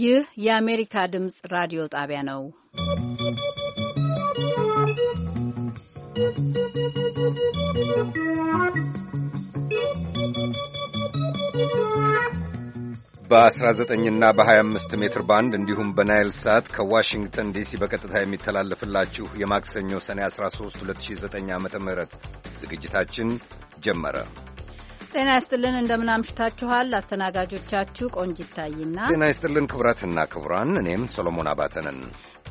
ይህ የአሜሪካ ድምፅ ራዲዮ ጣቢያ ነው። በ19 እና በ25 ሜትር ባንድ እንዲሁም በናይል ሳት ከዋሽንግተን ዲሲ በቀጥታ የሚተላለፍላችሁ የማክሰኞ ሰኔ 13 2009 ዓ ም ዝግጅታችን ጀመረ። ጤና ይስጥልን እንደምን አምሽታችኋል። አስተናጋጆቻችሁ ቆንጂት ታይና፣ ጤና ይስጥልን ክቡራትና ክቡራን፣ እኔም ሰሎሞን አባተንን።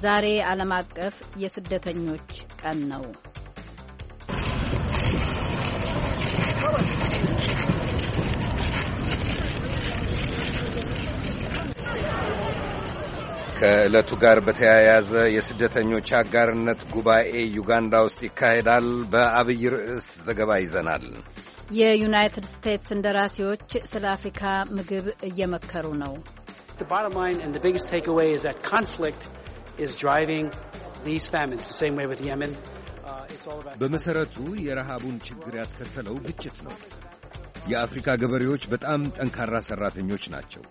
ዛሬ ዓለም አቀፍ የስደተኞች ቀን ነው። ከዕለቱ ጋር በተያያዘ የስደተኞች አጋርነት ጉባኤ ዩጋንዳ ውስጥ ይካሄዳል። በአብይ ርዕስ ዘገባ ይዘናል። የዩናይትድ ስቴትስ እንደራሴዎች ስለ አፍሪካ ምግብ እየመከሩ ነው። uh, በመሰረቱ የረሃቡን ችግር ያስከተለው ግጭት ነው። የአፍሪካ ገበሬዎች በጣም ጠንካራ ሠራተኞች ናቸው።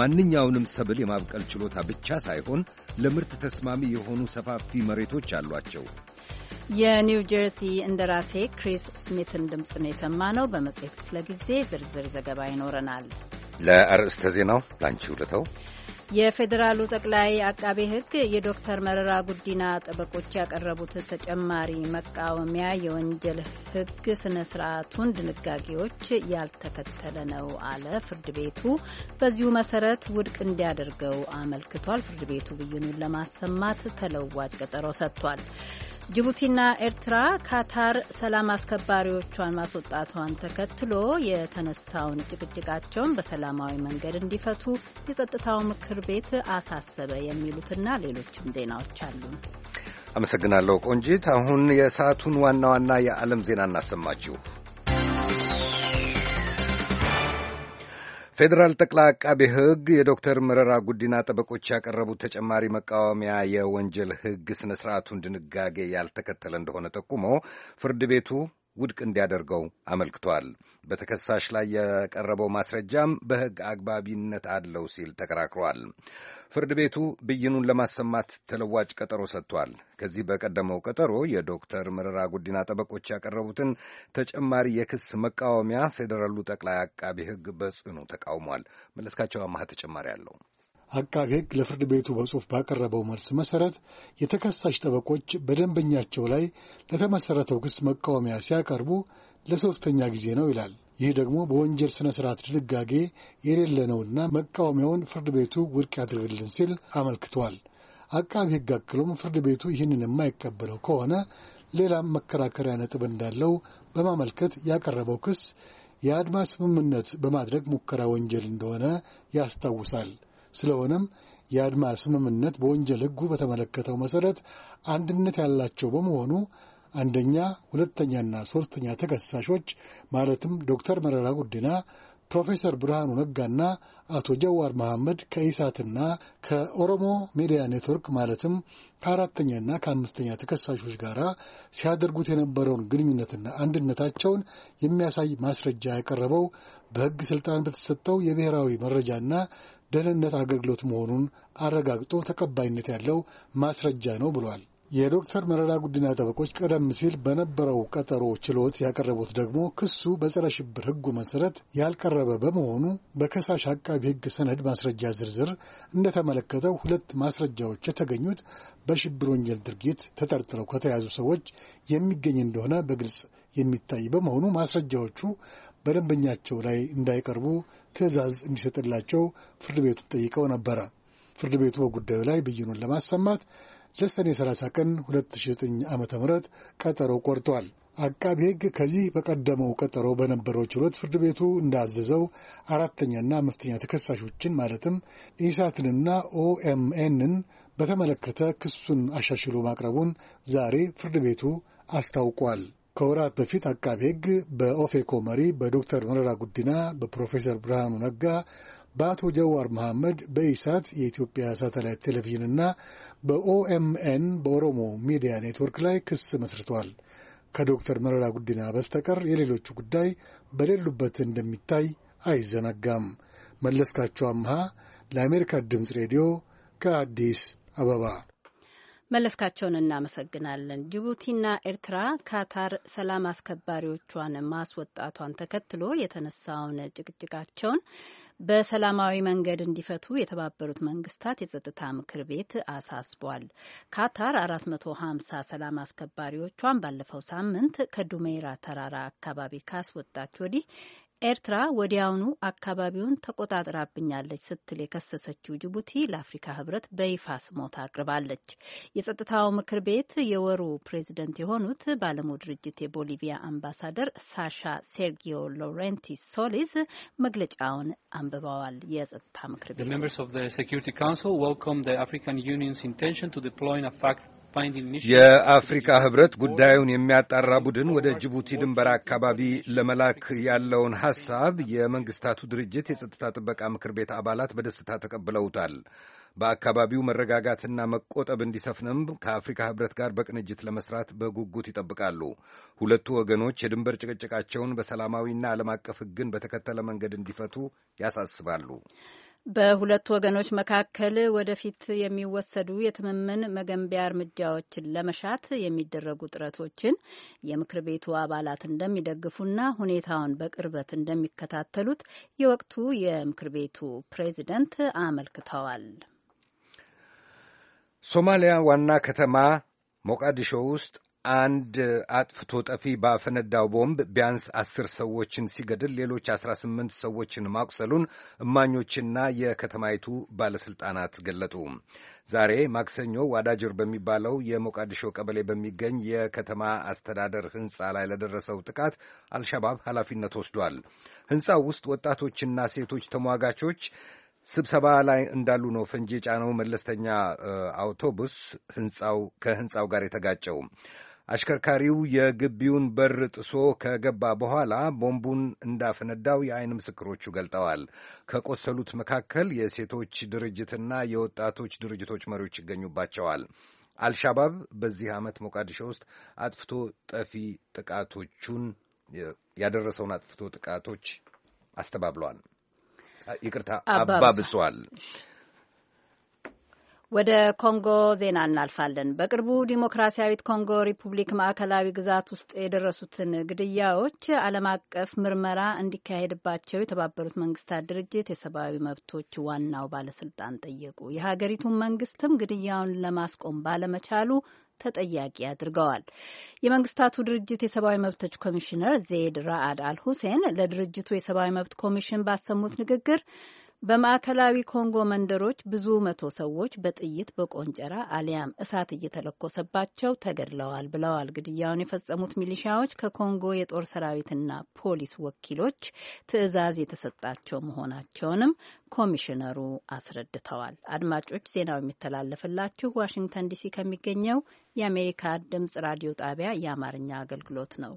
ማንኛውንም ሰብል የማብቀል ችሎታ ብቻ ሳይሆን ለምርት ተስማሚ የሆኑ ሰፋፊ መሬቶች አሏቸው። የኒው ጀርሲ እንደራሴ ክሪስ ስሚትን ድምፅ ነው ነው። በመጽሔት ክፍለ ጊዜ ዝርዝር ዘገባ ይኖረናል። ለአርዕስተ ዜናው ላንቺ ውለተው የፌዴራሉ ጠቅላይ አቃቤ ሕግ የዶክተር መረራ ጉዲና ጠበቆች ያቀረቡት ተጨማሪ መቃወሚያ የወንጀል ሕግ ስነ ስርዓቱን ድንጋጌዎች ያልተከተለ ነው አለ። ፍርድ ቤቱ በዚሁ መሰረት ውድቅ እንዲያደርገው አመልክቷል። ፍርድ ቤቱ ብይኑን ለማሰማት ተለዋጭ ቀጠሮ ሰጥቷል። ጅቡቲና ኤርትራ ካታር ሰላም አስከባሪዎቿን ማስወጣቷን ተከትሎ የተነሳውን ጭቅጭቃቸውን በሰላማዊ መንገድ እንዲፈቱ የጸጥታው ምክር ቤት አሳሰበ የሚሉትና ሌሎችም ዜናዎች አሉ። አመሰግናለሁ ቆንጂት። አሁን የሰዓቱን ዋና ዋና የዓለም ዜና እናሰማችሁ። ፌዴራል ጠቅላይ አቃቤ ሕግ የዶክተር መረራ ጉዲና ጠበቆች ያቀረቡት ተጨማሪ መቃወሚያ የወንጀል ሕግ ስነ ስርዓቱን ድንጋጌ ያልተከተለ እንደሆነ ጠቁሞ ፍርድ ቤቱ ውድቅ እንዲያደርገው አመልክቷል። በተከሳሽ ላይ የቀረበው ማስረጃም በሕግ አግባቢነት አለው ሲል ተከራክሯል። ፍርድ ቤቱ ብይኑን ለማሰማት ተለዋጭ ቀጠሮ ሰጥቷል። ከዚህ በቀደመው ቀጠሮ የዶክተር መረራ ጉዲና ጠበቆች ያቀረቡትን ተጨማሪ የክስ መቃወሚያ ፌዴራሉ ጠቅላይ አቃቢ ሕግ በጽኑ ተቃውሟል። መለስካቸው አማሃ ተጨማሪ አለው። አቃቢ ሕግ ለፍርድ ቤቱ በጽሑፍ ባቀረበው መልስ መሰረት የተከሳሽ ጠበቆች በደንበኛቸው ላይ ለተመሰረተው ክስ መቃወሚያ ሲያቀርቡ ለሶስተኛ ጊዜ ነው ይላል። ይህ ደግሞ በወንጀል ስነ ስርዓት ድንጋጌ የሌለ ነውና መቃወሚያውን ፍርድ ቤቱ ውድቅ ያድርግልን ሲል አመልክቷል። አቃቢ ሕግ አክሎም ፍርድ ቤቱ ይህንን የማይቀበለው ከሆነ ሌላም መከራከሪያ ነጥብ እንዳለው በማመልከት ያቀረበው ክስ የአድማ ስምምነት በማድረግ ሙከራ ወንጀል እንደሆነ ያስታውሳል። ስለሆነም የአድማ ስምምነት በወንጀል ሕጉ በተመለከተው መሰረት አንድነት ያላቸው በመሆኑ አንደኛ፣ ሁለተኛና ሦስተኛ ተከሳሾች ማለትም ዶክተር መረራ ጉዲና፣ ፕሮፌሰር ብርሃኑ ነጋና አቶ ጀዋር መሐመድ ከኢሳትና ከኦሮሞ ሚዲያ ኔትወርክ ማለትም ከአራተኛና ከአምስተኛ ተከሳሾች ጋር ሲያደርጉት የነበረውን ግንኙነትና አንድነታቸውን የሚያሳይ ማስረጃ ያቀረበው በሕግ ስልጣን በተሰጠው የብሔራዊ መረጃና ደህንነት አገልግሎት መሆኑን አረጋግጦ ተቀባይነት ያለው ማስረጃ ነው ብሏል። የዶክተር መረራ ጉዲና ጠበቆች ቀደም ሲል በነበረው ቀጠሮ ችሎት ያቀረቡት ደግሞ ክሱ በጸረ ሽብር ሕጉ መሰረት ያልቀረበ በመሆኑ በከሳሽ አቃቢ ሕግ ሰነድ ማስረጃ ዝርዝር እንደተመለከተው ሁለት ማስረጃዎች የተገኙት በሽብር ወንጀል ድርጊት ተጠርጥረው ከተያዙ ሰዎች የሚገኝ እንደሆነ በግልጽ የሚታይ በመሆኑ ማስረጃዎቹ በደንበኛቸው ላይ እንዳይቀርቡ ትዕዛዝ እንዲሰጥላቸው ፍርድ ቤቱን ጠይቀው ነበረ። ፍርድ ቤቱ በጉዳዩ ላይ ብይኑን ለማሰማት ለሰኔ 30 ቀን 2009 ዓ ም ቀጠሮ ቆርጧል። አቃቢ ሕግ ከዚህ በቀደመው ቀጠሮ በነበረው ችሎት ፍርድ ቤቱ እንዳዘዘው አራተኛና አምስተኛ ተከሳሾችን ማለትም ኢሳትንና ኦኤምኤንን በተመለከተ ክሱን አሻሽሎ ማቅረቡን ዛሬ ፍርድ ቤቱ አስታውቋል። ከወራት በፊት አቃቤ ሕግ በኦፌኮ መሪ በዶክተር መረራ ጉዲና፣ በፕሮፌሰር ብርሃኑ ነጋ በአቶ ጀዋር መሐመድ በኢሳት የኢትዮጵያ ሳተላይት ቴሌቪዥንና በኦኤምኤን በኦሮሞ ሚዲያ ኔትወርክ ላይ ክስ መስርቷል። ከዶክተር መረራ ጉዲና በስተቀር የሌሎቹ ጉዳይ በሌሉበት እንደሚታይ አይዘነጋም። መለስካቸው አምሃ ለአሜሪካ ድምፅ ሬዲዮ ከአዲስ አበባ መለስካቸውን እናመሰግናለን። ጅቡቲና ኤርትራ ካታር ሰላም አስከባሪዎቿን ማስወጣቷን ተከትሎ የተነሳውን ጭቅጭቃቸውን በሰላማዊ መንገድ እንዲፈቱ የተባበሩት መንግስታት የጸጥታ ምክር ቤት አሳስቧል። ካታር 450 ሰላም አስከባሪዎቿን ባለፈው ሳምንት ከዱሜራ ተራራ አካባቢ ካስወጣች ወዲህ ኤርትራ ወዲያውኑ አካባቢውን ተቆጣጥራብኛለች ስትል የከሰሰችው ጅቡቲ ለአፍሪካ ህብረት በይፋ ስሞታ አቅርባለች። የጸጥታው ምክር ቤት የወሩ ፕሬዚደንት የሆኑት በዓለሙ ድርጅት የቦሊቪያ አምባሳደር ሳሻ ሴርጊዮ ሎሬንቲ ሶሊዝ መግለጫውን አንብበዋል። የጸጥታ ምክር ቤት የአፍሪካ ህብረት ጉዳዩን የሚያጣራ ቡድን ወደ ጅቡቲ ድንበር አካባቢ ለመላክ ያለውን ሐሳብ የመንግስታቱ ድርጅት የጸጥታ ጥበቃ ምክር ቤት አባላት በደስታ ተቀብለውታል። በአካባቢው መረጋጋትና መቆጠብ እንዲሰፍንም ከአፍሪካ ህብረት ጋር በቅንጅት ለመስራት በጉጉት ይጠብቃሉ። ሁለቱ ወገኖች የድንበር ጭቅጭቃቸውን በሰላማዊና ዓለም አቀፍ ሕግን በተከተለ መንገድ እንዲፈቱ ያሳስባሉ። በሁለቱ ወገኖች መካከል ወደፊት የሚወሰዱ የትምምን መገንቢያ እርምጃዎችን ለመሻት የሚደረጉ ጥረቶችን የምክር ቤቱ አባላት እንደሚደግፉና ሁኔታውን በቅርበት እንደሚከታተሉት የወቅቱ የምክር ቤቱ ፕሬዚደንት አመልክተዋል። ሶማሊያ ዋና ከተማ ሞቃዲሾ ውስጥ አንድ አጥፍቶ ጠፊ ባፈነዳው ቦምብ ቢያንስ አስር ሰዎችን ሲገድል ሌሎች አስራ ስምንት ሰዎችን ማቁሰሉን እማኞችና የከተማይቱ ባለሥልጣናት ገለጡ። ዛሬ ማክሰኞ ዋዳጅር በሚባለው የሞቃዲሾ ቀበሌ በሚገኝ የከተማ አስተዳደር ሕንፃ ላይ ለደረሰው ጥቃት አልሸባብ ኃላፊነት ወስዷል። ሕንፃው ውስጥ ወጣቶችና ሴቶች ተሟጋቾች ስብሰባ ላይ እንዳሉ ነው ፈንጂ የጫነው መለስተኛ አውቶቡስ ከህንፃው ጋር የተጋጨው። አሽከርካሪው የግቢውን በር ጥሶ ከገባ በኋላ ቦምቡን እንዳፈነዳው የአይን ምስክሮቹ ገልጠዋል። ከቆሰሉት መካከል የሴቶች ድርጅትና የወጣቶች ድርጅቶች መሪዎች ይገኙባቸዋል። አልሻባብ በዚህ ዓመት ሞቃዲሾ ውስጥ አጥፍቶ ጠፊ ጥቃቶቹን ያደረሰውን አጥፍቶ ጥቃቶች አስተባብሏል። ይቅርታ አባብሷል። ወደ ኮንጎ ዜና እናልፋለን። በቅርቡ ዲሞክራሲያዊት ኮንጎ ሪፑብሊክ ማዕከላዊ ግዛት ውስጥ የደረሱትን ግድያዎች ዓለም አቀፍ ምርመራ እንዲካሄድባቸው የተባበሩት መንግስታት ድርጅት የሰብአዊ መብቶች ዋናው ባለስልጣን ጠየቁ። የሀገሪቱን መንግስትም ግድያውን ለማስቆም ባለመቻሉ ተጠያቂ አድርገዋል። የመንግስታቱ ድርጅት የሰብአዊ መብቶች ኮሚሽነር ዜድ ራአድ አል ሁሴን ለድርጅቱ የሰብአዊ መብት ኮሚሽን ባሰሙት ንግግር በማዕከላዊ ኮንጎ መንደሮች ብዙ መቶ ሰዎች በጥይት በቆንጨራ አሊያም እሳት እየተለኮሰባቸው ተገድለዋል ብለዋል። ግድያውን የፈጸሙት ሚሊሻዎች ከኮንጎ የጦር ሰራዊትና ፖሊስ ወኪሎች ትዕዛዝ የተሰጣቸው መሆናቸውንም ኮሚሽነሩ አስረድተዋል። አድማጮች፣ ዜናው የሚተላለፍላችሁ ዋሽንግተን ዲሲ ከሚገኘው የአሜሪካ ድምጽ ራዲዮ ጣቢያ የአማርኛ አገልግሎት ነው።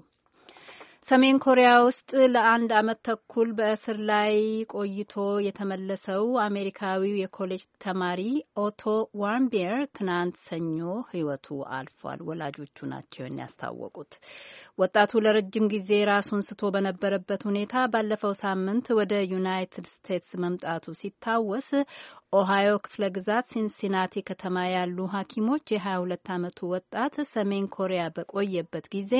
ሰሜን ኮሪያ ውስጥ ለአንድ ዓመት ተኩል በእስር ላይ ቆይቶ የተመለሰው አሜሪካዊው የኮሌጅ ተማሪ ኦቶ ዋርምቢየር ትናንት ሰኞ ሕይወቱ አልፏል። ወላጆቹ ናቸው ያስታወቁት። ወጣቱ ለረጅም ጊዜ ራሱን ስቶ በነበረበት ሁኔታ ባለፈው ሳምንት ወደ ዩናይትድ ስቴትስ መምጣቱ ሲታወስ ኦሃዮ ክፍለ ግዛት ሲንሲናቲ ከተማ ያሉ ሐኪሞች የ22 ዓመቱ ወጣት ሰሜን ኮሪያ በቆየበት ጊዜ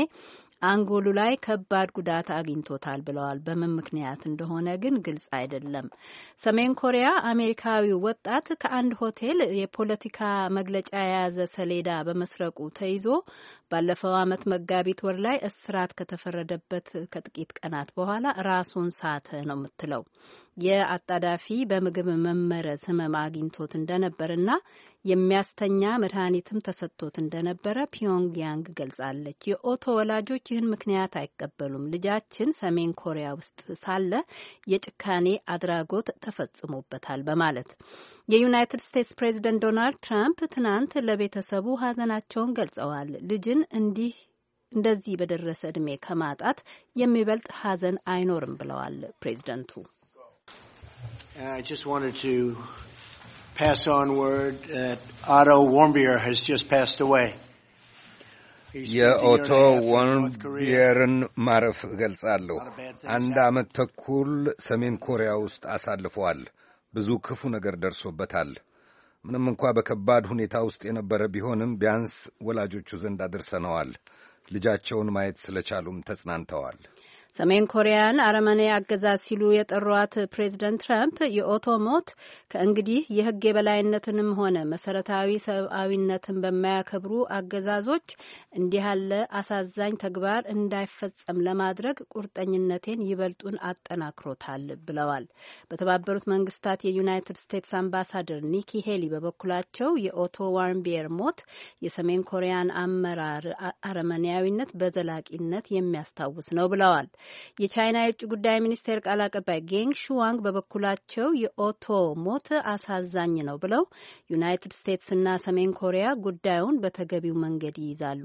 አንጎሉ ላይ ከባድ ጉዳት አግኝቶታል ብለዋል። በምን ምክንያት እንደሆነ ግን ግልጽ አይደለም። ሰሜን ኮሪያ አሜሪካዊው ወጣት ከአንድ ሆቴል የፖለቲካ መግለጫ የያዘ ሰሌዳ በመስረቁ ተይዞ ባለፈው ዓመት መጋቢት ወር ላይ እስራት ከተፈረደበት ከጥቂት ቀናት በኋላ ራሱን ሳተ ነው የምትለው። የአጣዳፊ በምግብ መመረዝ ህመም አግኝቶት እንደነበርና የሚያስተኛ መድኃኒትም ተሰጥቶት እንደነበረ ፒዮንግያንግ ገልጻለች። የኦቶ ወላጆች ይህን ምክንያት አይቀበሉም። ልጃችን ሰሜን ኮሪያ ውስጥ ሳለ የጭካኔ አድራጎት ተፈጽሞበታል በማለት የዩናይትድ ስቴትስ ፕሬዚደንት ዶናልድ ትራምፕ ትናንት ለቤተሰቡ ሀዘናቸውን ገልጸዋል። ልጅን እንዲህ እንደዚህ በደረሰ እድሜ ከማጣት የሚበልጥ ሀዘን አይኖርም ብለዋል ፕሬዚደንቱ። I just wanted to pass on word that Otto Warmbier has just passed away. የኦቶ ወንቢየርን ማረፍ እገልጻለሁ። አንድ ዓመት ተኩል ሰሜን ኮሪያ ውስጥ አሳልፈዋል። ብዙ ክፉ ነገር ደርሶበታል። ምንም እንኳ በከባድ ሁኔታ ውስጥ የነበረ ቢሆንም ቢያንስ ወላጆቹ ዘንድ አድርሰነዋል። ልጃቸውን ማየት ስለቻሉም ተጽናንተዋል። ሰሜን ኮሪያን አረመኔ አገዛዝ ሲሉ የጠሯት ፕሬዚደንት ትራምፕ የኦቶ ሞት ከእንግዲህ የሕግ የበላይነትንም ሆነ መሰረታዊ ሰብአዊነትን በማያከብሩ አገዛዞች እንዲህ ያለ አሳዛኝ ተግባር እንዳይፈጸም ለማድረግ ቁርጠኝነቴን ይበልጡን አጠናክሮታል ብለዋል። በተባበሩት መንግስታት የዩናይትድ ስቴትስ አምባሳደር ኒኪ ሄሊ በበኩላቸው የኦቶ ዋርምቢየር ሞት የሰሜን ኮሪያን አመራር አረመኔያዊነት በዘላቂነት የሚያስታውስ ነው ብለዋል። የቻይና የውጭ ጉዳይ ሚኒስቴር ቃል አቀባይ ጌንግ ሹዋንግ በበኩላቸው የኦቶ ሞት አሳዛኝ ነው ብለው ዩናይትድ ስቴትስና ሰሜን ኮሪያ ጉዳዩን በተገቢው መንገድ ይይዛሉ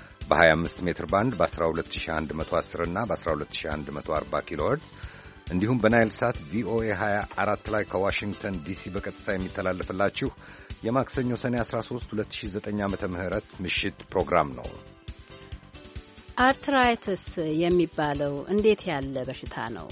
በ25 ሜትር ባንድ በ12110 እና በ12140 ኪሎ ሄርትዝ እንዲሁም በናይል ሳት ቪኦኤ 24 ላይ ከዋሽንግተን ዲሲ በቀጥታ የሚተላለፍላችሁ የማክሰኞ ሰኔ 13 2009 ዓ ም ምሽት ፕሮግራም ነው። አርትራይትስ የሚባለው እንዴት ያለ በሽታ ነው?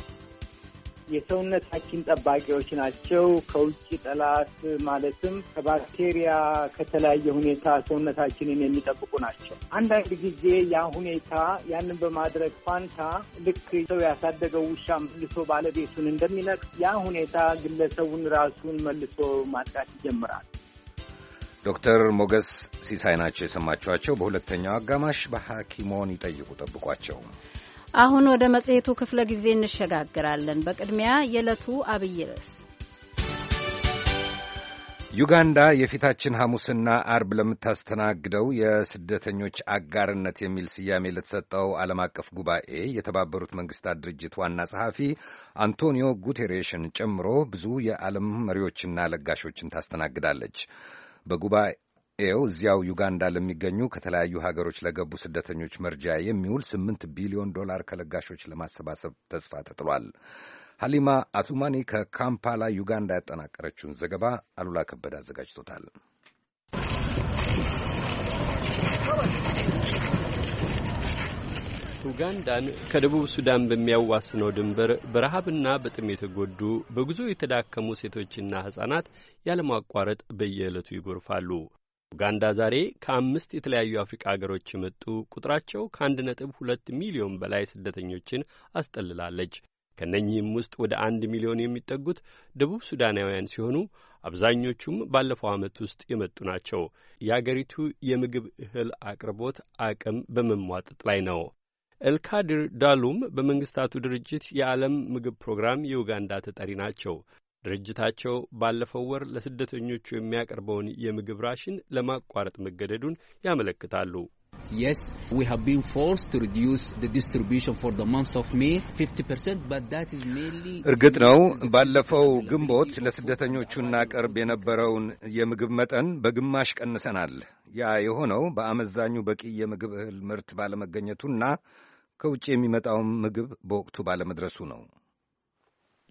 የሰውነት ሐኪም ጠባቂዎች ናቸው። ከውጭ ጠላት ማለትም ከባክቴሪያ ከተለያየ ሁኔታ ሰውነታችንን የሚጠብቁ ናቸው። አንዳንድ ጊዜ ያ ሁኔታ ያንን በማድረግ ፋንታ ልክ ሰው ያሳደገው ውሻ መልሶ ባለቤቱን እንደሚነቅስ ያ ሁኔታ ግለሰቡን ራሱን መልሶ ማጥቃት ይጀምራል። ዶክተር ሞገስ ሲሳይ ናቸው የሰማችኋቸው። በሁለተኛው አጋማሽ በሐኪሞን ይጠይቁ ጠብቋቸው። አሁን ወደ መጽሔቱ ክፍለ ጊዜ እንሸጋግራለን። በቅድሚያ የዕለቱ አብይ ርዕስ ዩጋንዳ የፊታችን ሐሙስና አርብ ለምታስተናግደው የስደተኞች አጋርነት የሚል ስያሜ ለተሰጠው ዓለም አቀፍ ጉባኤ የተባበሩት መንግስታት ድርጅት ዋና ጸሐፊ አንቶኒዮ ጉቴሬሽን ጨምሮ ብዙ የዓለም መሪዎችና ለጋሾችን ታስተናግዳለች። በጉባኤ ኤው እዚያው ዩጋንዳ ለሚገኙ ከተለያዩ ሀገሮች ለገቡ ስደተኞች መርጃ የሚውል ስምንት ቢሊዮን ዶላር ከለጋሾች ለማሰባሰብ ተስፋ ተጥሏል። ሀሊማ አቱማኒ ከካምፓላ ዩጋንዳ ያጠናቀረችውን ዘገባ አሉላ ከበደ አዘጋጅቶታል። ኡጋንዳን ከደቡብ ሱዳን በሚያዋስነው ድንበር በረሃብና በጥም የተጎዱ በጉዞ የተዳከሙ ሴቶችና ሕፃናት ያለማቋረጥ በየዕለቱ ይጎርፋሉ። ኡጋንዳ ዛሬ ከአምስት የተለያዩ አፍሪቃ ሀገሮች የመጡ ቁጥራቸው ከአንድ ነጥብ ሁለት ሚሊዮን በላይ ስደተኞችን አስጠልላለች። ከእነኚህም ውስጥ ወደ አንድ ሚሊዮን የሚጠጉት ደቡብ ሱዳናውያን ሲሆኑ አብዛኞቹም ባለፈው ዓመት ውስጥ የመጡ ናቸው። የአገሪቱ የምግብ እህል አቅርቦት አቅም በመሟጠጥ ላይ ነው። ኤልካድር ዳሉም በመንግስታቱ ድርጅት የዓለም ምግብ ፕሮግራም የኡጋንዳ ተጠሪ ናቸው። ድርጅታቸው ባለፈው ወር ለስደተኞቹ የሚያቀርበውን የምግብ ራሽን ለማቋረጥ መገደዱን ያመለክታሉ። እርግጥ ነው ባለፈው ግንቦት ለስደተኞቹ እናቀርብ የነበረውን የምግብ መጠን በግማሽ ቀንሰናል። ያ የሆነው በአመዛኙ በቂ የምግብ እህል ምርት ባለመገኘቱና ከውጭ የሚመጣውን ምግብ በወቅቱ ባለመድረሱ ነው።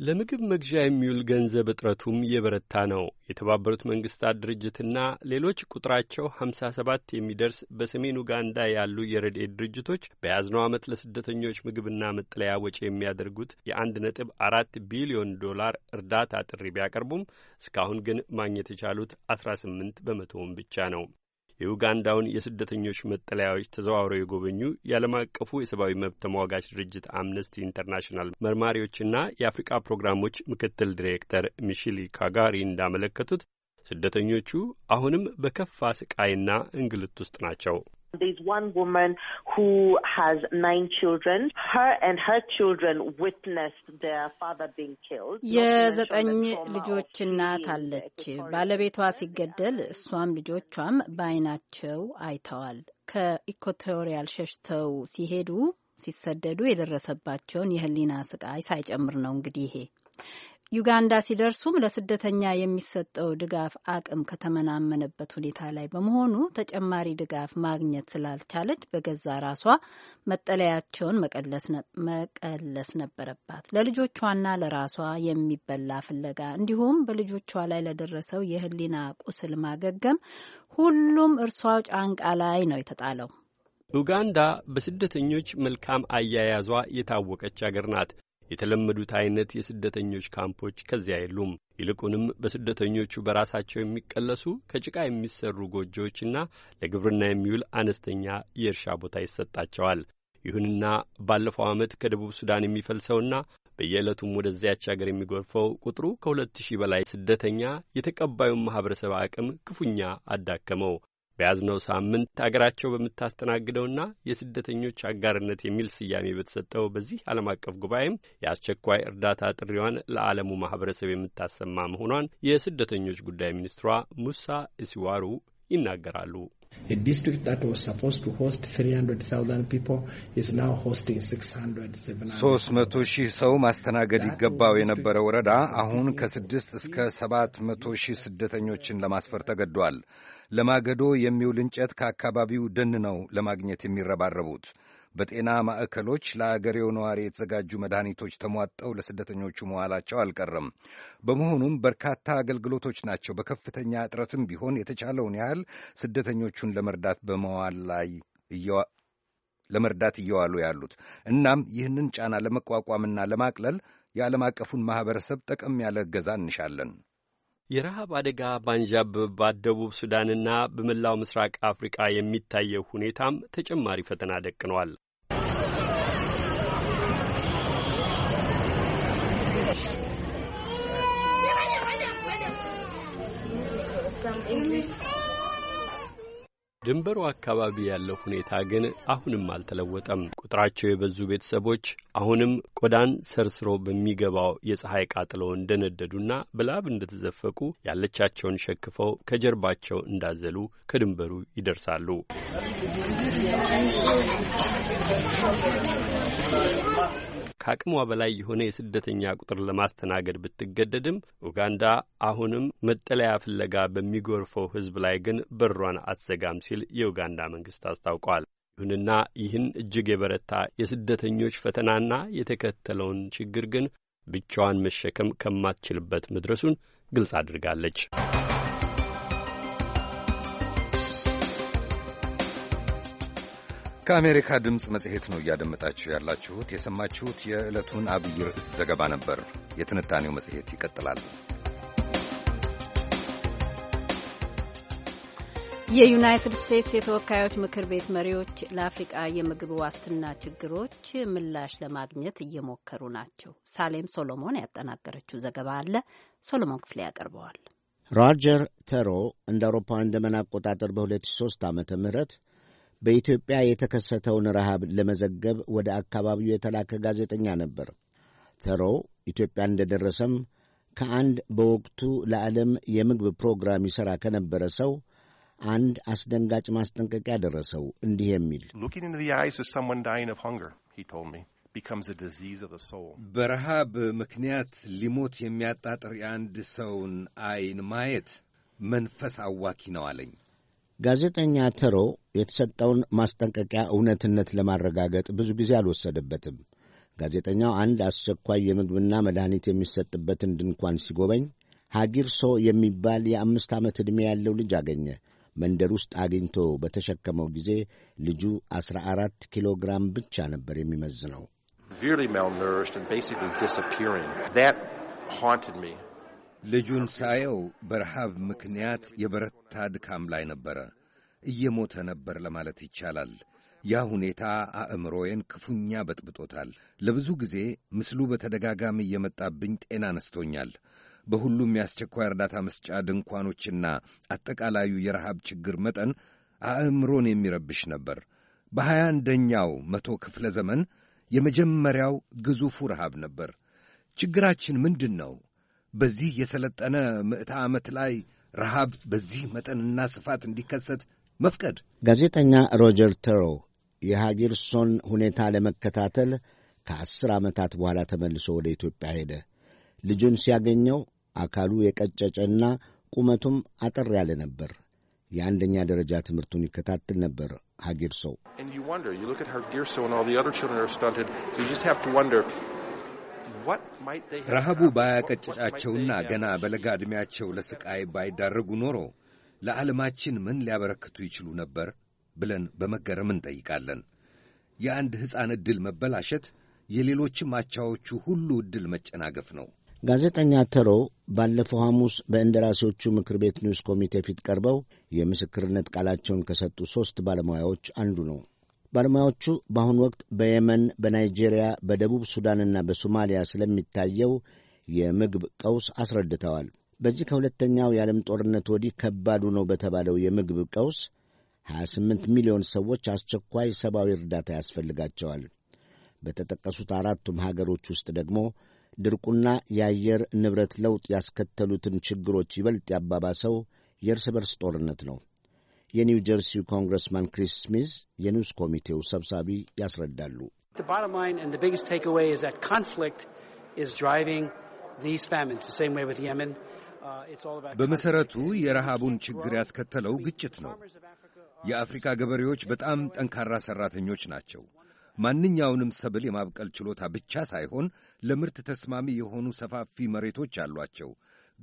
ለምግብ መግዣ የሚውል ገንዘብ እጥረቱም የበረታ ነው። የተባበሩት መንግስታት ድርጅትና ሌሎች ቁጥራቸው ሀምሳ ሰባት የሚደርስ በሰሜን ኡጋንዳ ያሉ የረድኤት ድርጅቶች በያዝነው ዓመት ለስደተኞች ምግብና መጠለያ ወጪ የሚያደርጉት የአንድ ነጥብ አራት ቢሊዮን ዶላር እርዳታ ጥሪ ቢያቀርቡም እስካሁን ግን ማግኘት የቻሉት አስራ ስምንት በመቶውን ብቻ ነው። የኡጋንዳውን የስደተኞች መጠለያዎች ተዘዋውረው የጎበኙ የዓለም አቀፉ የሰብአዊ መብት ተሟጋች ድርጅት አምነስቲ ኢንተርናሽናል መርማሪዎችና የአፍሪቃ ፕሮግራሞች ምክትል ዲሬክተር ሚሽሊ ካጋሪ እንዳመለከቱት ስደተኞቹ አሁንም በከፋ ስቃይና እንግልት ውስጥ ናቸው። There's one woman who has nine children. Her and her children witnessed their father being killed. የዘጠኝ ልጆች እናት አለች። ባለቤቷ ሲገደል እሷም ልጆቿም በዓይናቸው አይተዋል። ከኢኳቶሪያል ሸሽተው ሲሄዱ ሲሰደዱ የደረሰባቸውን የህሊና ስቃይ ሳይጨምር ነው እንግዲህ ይሄ ዩጋንዳ ሲደርሱም ለስደተኛ የሚሰጠው ድጋፍ አቅም ከተመናመነበት ሁኔታ ላይ በመሆኑ ተጨማሪ ድጋፍ ማግኘት ስላልቻለች በገዛ ራሷ መጠለያቸውን መቀለስ ነበረባት። ለልጆቿና ለራሷ የሚበላ ፍለጋ እንዲሁም በልጆቿ ላይ ለደረሰው የሕሊና ቁስል ማገገም ሁሉም እርሷ ጫንቃ ላይ ነው የተጣለው። ኡጋንዳ በስደተኞች መልካም አያያዟ የታወቀች አገር ናት። የተለመዱት አይነት የስደተኞች ካምፖች ከዚያ የሉም። ይልቁንም በስደተኞቹ በራሳቸው የሚቀለሱ ከጭቃ የሚሰሩ ጎጆዎችና ለግብርና የሚውል አነስተኛ የእርሻ ቦታ ይሰጣቸዋል። ይሁንና ባለፈው ዓመት ከደቡብ ሱዳን የሚፈልሰውና በየዕለቱም ወደዚያች አገር የሚጎርፈው ቁጥሩ ከሁለት ሺህ በላይ ስደተኛ የተቀባዩን ማኅበረሰብ አቅም ክፉኛ አዳከመው። በያዝነው ሳምንት አገራቸው በምታስተናግደውና የስደተኞች አጋርነት የሚል ስያሜ በተሰጠው በዚህ ዓለም አቀፍ ጉባኤም የአስቸኳይ እርዳታ ጥሪዋን ለዓለሙ ማህበረሰብ የምታሰማ መሆኗን የስደተኞች ጉዳይ ሚኒስትሯ ሙሳ እሲዋሩ ይናገራሉ። ሦስት መቶ ሺህ ሰው ማስተናገድ ይገባው የነበረ ወረዳ አሁን ከስድስት እስከ ሰባት መቶ ሺህ ስደተኞችን ለማስፈር ተገዷል። ለማገዶ የሚውል እንጨት ከአካባቢው ደን ነው ለማግኘት የሚረባረቡት። በጤና ማዕከሎች ለአገሬው ነዋሪ የተዘጋጁ መድኃኒቶች ተሟጠው ለስደተኞቹ መዋላቸው አልቀረም። በመሆኑም በርካታ አገልግሎቶች ናቸው በከፍተኛ እጥረትም ቢሆን የተቻለውን ያህል ስደተኞቹን ለመርዳት በመዋል ላይ ለመርዳት እየዋሉ ያሉት። እናም ይህንን ጫና ለመቋቋምና ለማቅለል የዓለም አቀፉን ማኅበረሰብ ጠቀም ያለ እገዛ እንሻለን። የረሃብ አደጋ ባንዣበባት ደቡብ ሱዳንና በመላው ምስራቅ አፍሪቃ የሚታየው ሁኔታም ተጨማሪ ፈተና ደቅኗል። English ድንበሩ አካባቢ ያለው ሁኔታ ግን አሁንም አልተለወጠም። ቁጥራቸው የበዙ ቤተሰቦች አሁንም ቆዳን ሰርስሮ በሚገባው የፀሐይ ቃጥሎ እንደነደዱና በላብ እንደተዘፈቁ ያለቻቸውን ሸክፈው ከጀርባቸው እንዳዘሉ ከድንበሩ ይደርሳሉ። ከአቅሟ በላይ የሆነ የስደተኛ ቁጥር ለማስተናገድ ብትገደድም ኡጋንዳ አሁንም መጠለያ ፍለጋ በሚጎርፈው ሕዝብ ላይ ግን በሯን አትዘጋም ሲል የኡጋንዳ መንግስት አስታውቋል። ይሁንና ይህን እጅግ የበረታ የስደተኞች ፈተናና የተከተለውን ችግር ግን ብቻዋን መሸከም ከማትችልበት መድረሱን ግልጽ አድርጋለች። ከአሜሪካ ድምፅ መጽሔት ነው እያደመጣችሁ ያላችሁት። የሰማችሁት የዕለቱን አብይ ርዕስ ዘገባ ነበር። የትንታኔው መጽሔት ይቀጥላል። የዩናይትድ ስቴትስ የተወካዮች ምክር ቤት መሪዎች ለአፍሪቃ የምግብ ዋስትና ችግሮች ምላሽ ለማግኘት እየሞከሩ ናቸው። ሳሌም ሶሎሞን ያጠናቀረችው ዘገባ አለ። ሶሎሞን ክፍሌ ያቀርበዋል። ሮጀር ተሮ እንደ አውሮፓውያን ዘመን አቆጣጠር በ2003 ዓ ም በኢትዮጵያ የተከሰተውን ረሃብ ለመዘገብ ወደ አካባቢው የተላከ ጋዜጠኛ ነበር። ተሮ ኢትዮጵያ እንደደረሰም ከአንድ በወቅቱ ለዓለም የምግብ ፕሮግራም ይሠራ ከነበረ ሰው አንድ አስደንጋጭ ማስጠንቀቂያ ደረሰው፣ እንዲህ የሚል በረሃብ ምክንያት ሊሞት የሚያጣጥር የአንድ ሰውን ዓይን ማየት መንፈስ አዋኪ ነው አለኝ። ጋዜጠኛ ተሮ የተሰጠውን ማስጠንቀቂያ እውነትነት ለማረጋገጥ ብዙ ጊዜ አልወሰደበትም። ጋዜጠኛው አንድ አስቸኳይ የምግብና መድኃኒት የሚሰጥበትን ድንኳን ሲጎበኝ ሃጊርሶ የሚባል የአምስት ዓመት ዕድሜ ያለው ልጅ አገኘ። መንደር ውስጥ አግኝቶ በተሸከመው ጊዜ ልጁ 14 አራት ኪሎ ግራም ብቻ ነበር የሚመዝነው። ልጁን ሳየው በረሃብ ምክንያት የበረታ ድካም ላይ ነበረ። እየሞተ ነበር ለማለት ይቻላል። ያ ሁኔታ አእምሮዬን ክፉኛ በጥብጦታል። ለብዙ ጊዜ ምስሉ በተደጋጋሚ እየመጣብኝ ጤና አነስቶኛል። በሁሉም የአስቸኳይ እርዳታ መስጫ ድንኳኖችና አጠቃላዩ የረሃብ ችግር መጠን አእምሮን የሚረብሽ ነበር። በሀያ አንደኛው መቶ ክፍለ ዘመን የመጀመሪያው ግዙፉ ረሃብ ነበር። ችግራችን ምንድን ነው በዚህ የሰለጠነ ምዕተ ዓመት ላይ ረሃብ በዚህ መጠንና ስፋት እንዲከሰት መፍቀድ። ጋዜጠኛ ሮጀር ተሮ የሃጊርሶን ሁኔታ ለመከታተል ከአስር ዓመታት በኋላ ተመልሶ ወደ ኢትዮጵያ ሄደ። ልጁን ሲያገኘው አካሉ የቀጨጨና ቁመቱም አጠር ያለ ነበር። የአንደኛ ደረጃ ትምህርቱን ይከታተል ነበር። ሃጊርሶ ረሃቡ ባያቀጭጫቸውና ገና በለጋ ዕድሜያቸው ለሥቃይ ባይዳረጉ ኖሮ ለዓለማችን ምን ሊያበረክቱ ይችሉ ነበር ብለን በመገረም እንጠይቃለን። የአንድ ሕፃን ዕድል መበላሸት የሌሎችም አቻዎቹ ሁሉ ዕድል መጨናገፍ ነው። ጋዜጠኛ ተሮ ባለፈው ሐሙስ በእንደራሴዎቹ ምክር ቤት ኒውስ ኮሚቴ ፊት ቀርበው የምስክርነት ቃላቸውን ከሰጡ ሦስት ባለሙያዎች አንዱ ነው። ባለሙያዎቹ በአሁኑ ወቅት በየመን፣ በናይጄሪያ፣ በደቡብ ሱዳንና በሶማሊያ ስለሚታየው የምግብ ቀውስ አስረድተዋል። በዚህ ከሁለተኛው የዓለም ጦርነት ወዲህ ከባዱ ነው በተባለው የምግብ ቀውስ 28 ሚሊዮን ሰዎች አስቸኳይ ሰብአዊ እርዳታ ያስፈልጋቸዋል። በተጠቀሱት አራቱም ሀገሮች ውስጥ ደግሞ ድርቁና የአየር ንብረት ለውጥ ያስከተሉትን ችግሮች ይበልጥ ያባባሰው የእርስ በርስ ጦርነት ነው። የኒው ጀርሲ ኮንግረስማን ክሪስ ስሚዝ የኒውስ ኮሚቴው ሰብሳቢ ያስረዳሉ። uh, በመሠረቱ የረሃቡን ችግር ያስከተለው ግጭት ነው። የአፍሪካ ገበሬዎች በጣም ጠንካራ ሠራተኞች ናቸው። ማንኛውንም ሰብል የማብቀል ችሎታ ብቻ ሳይሆን ለምርት ተስማሚ የሆኑ ሰፋፊ መሬቶች አሏቸው።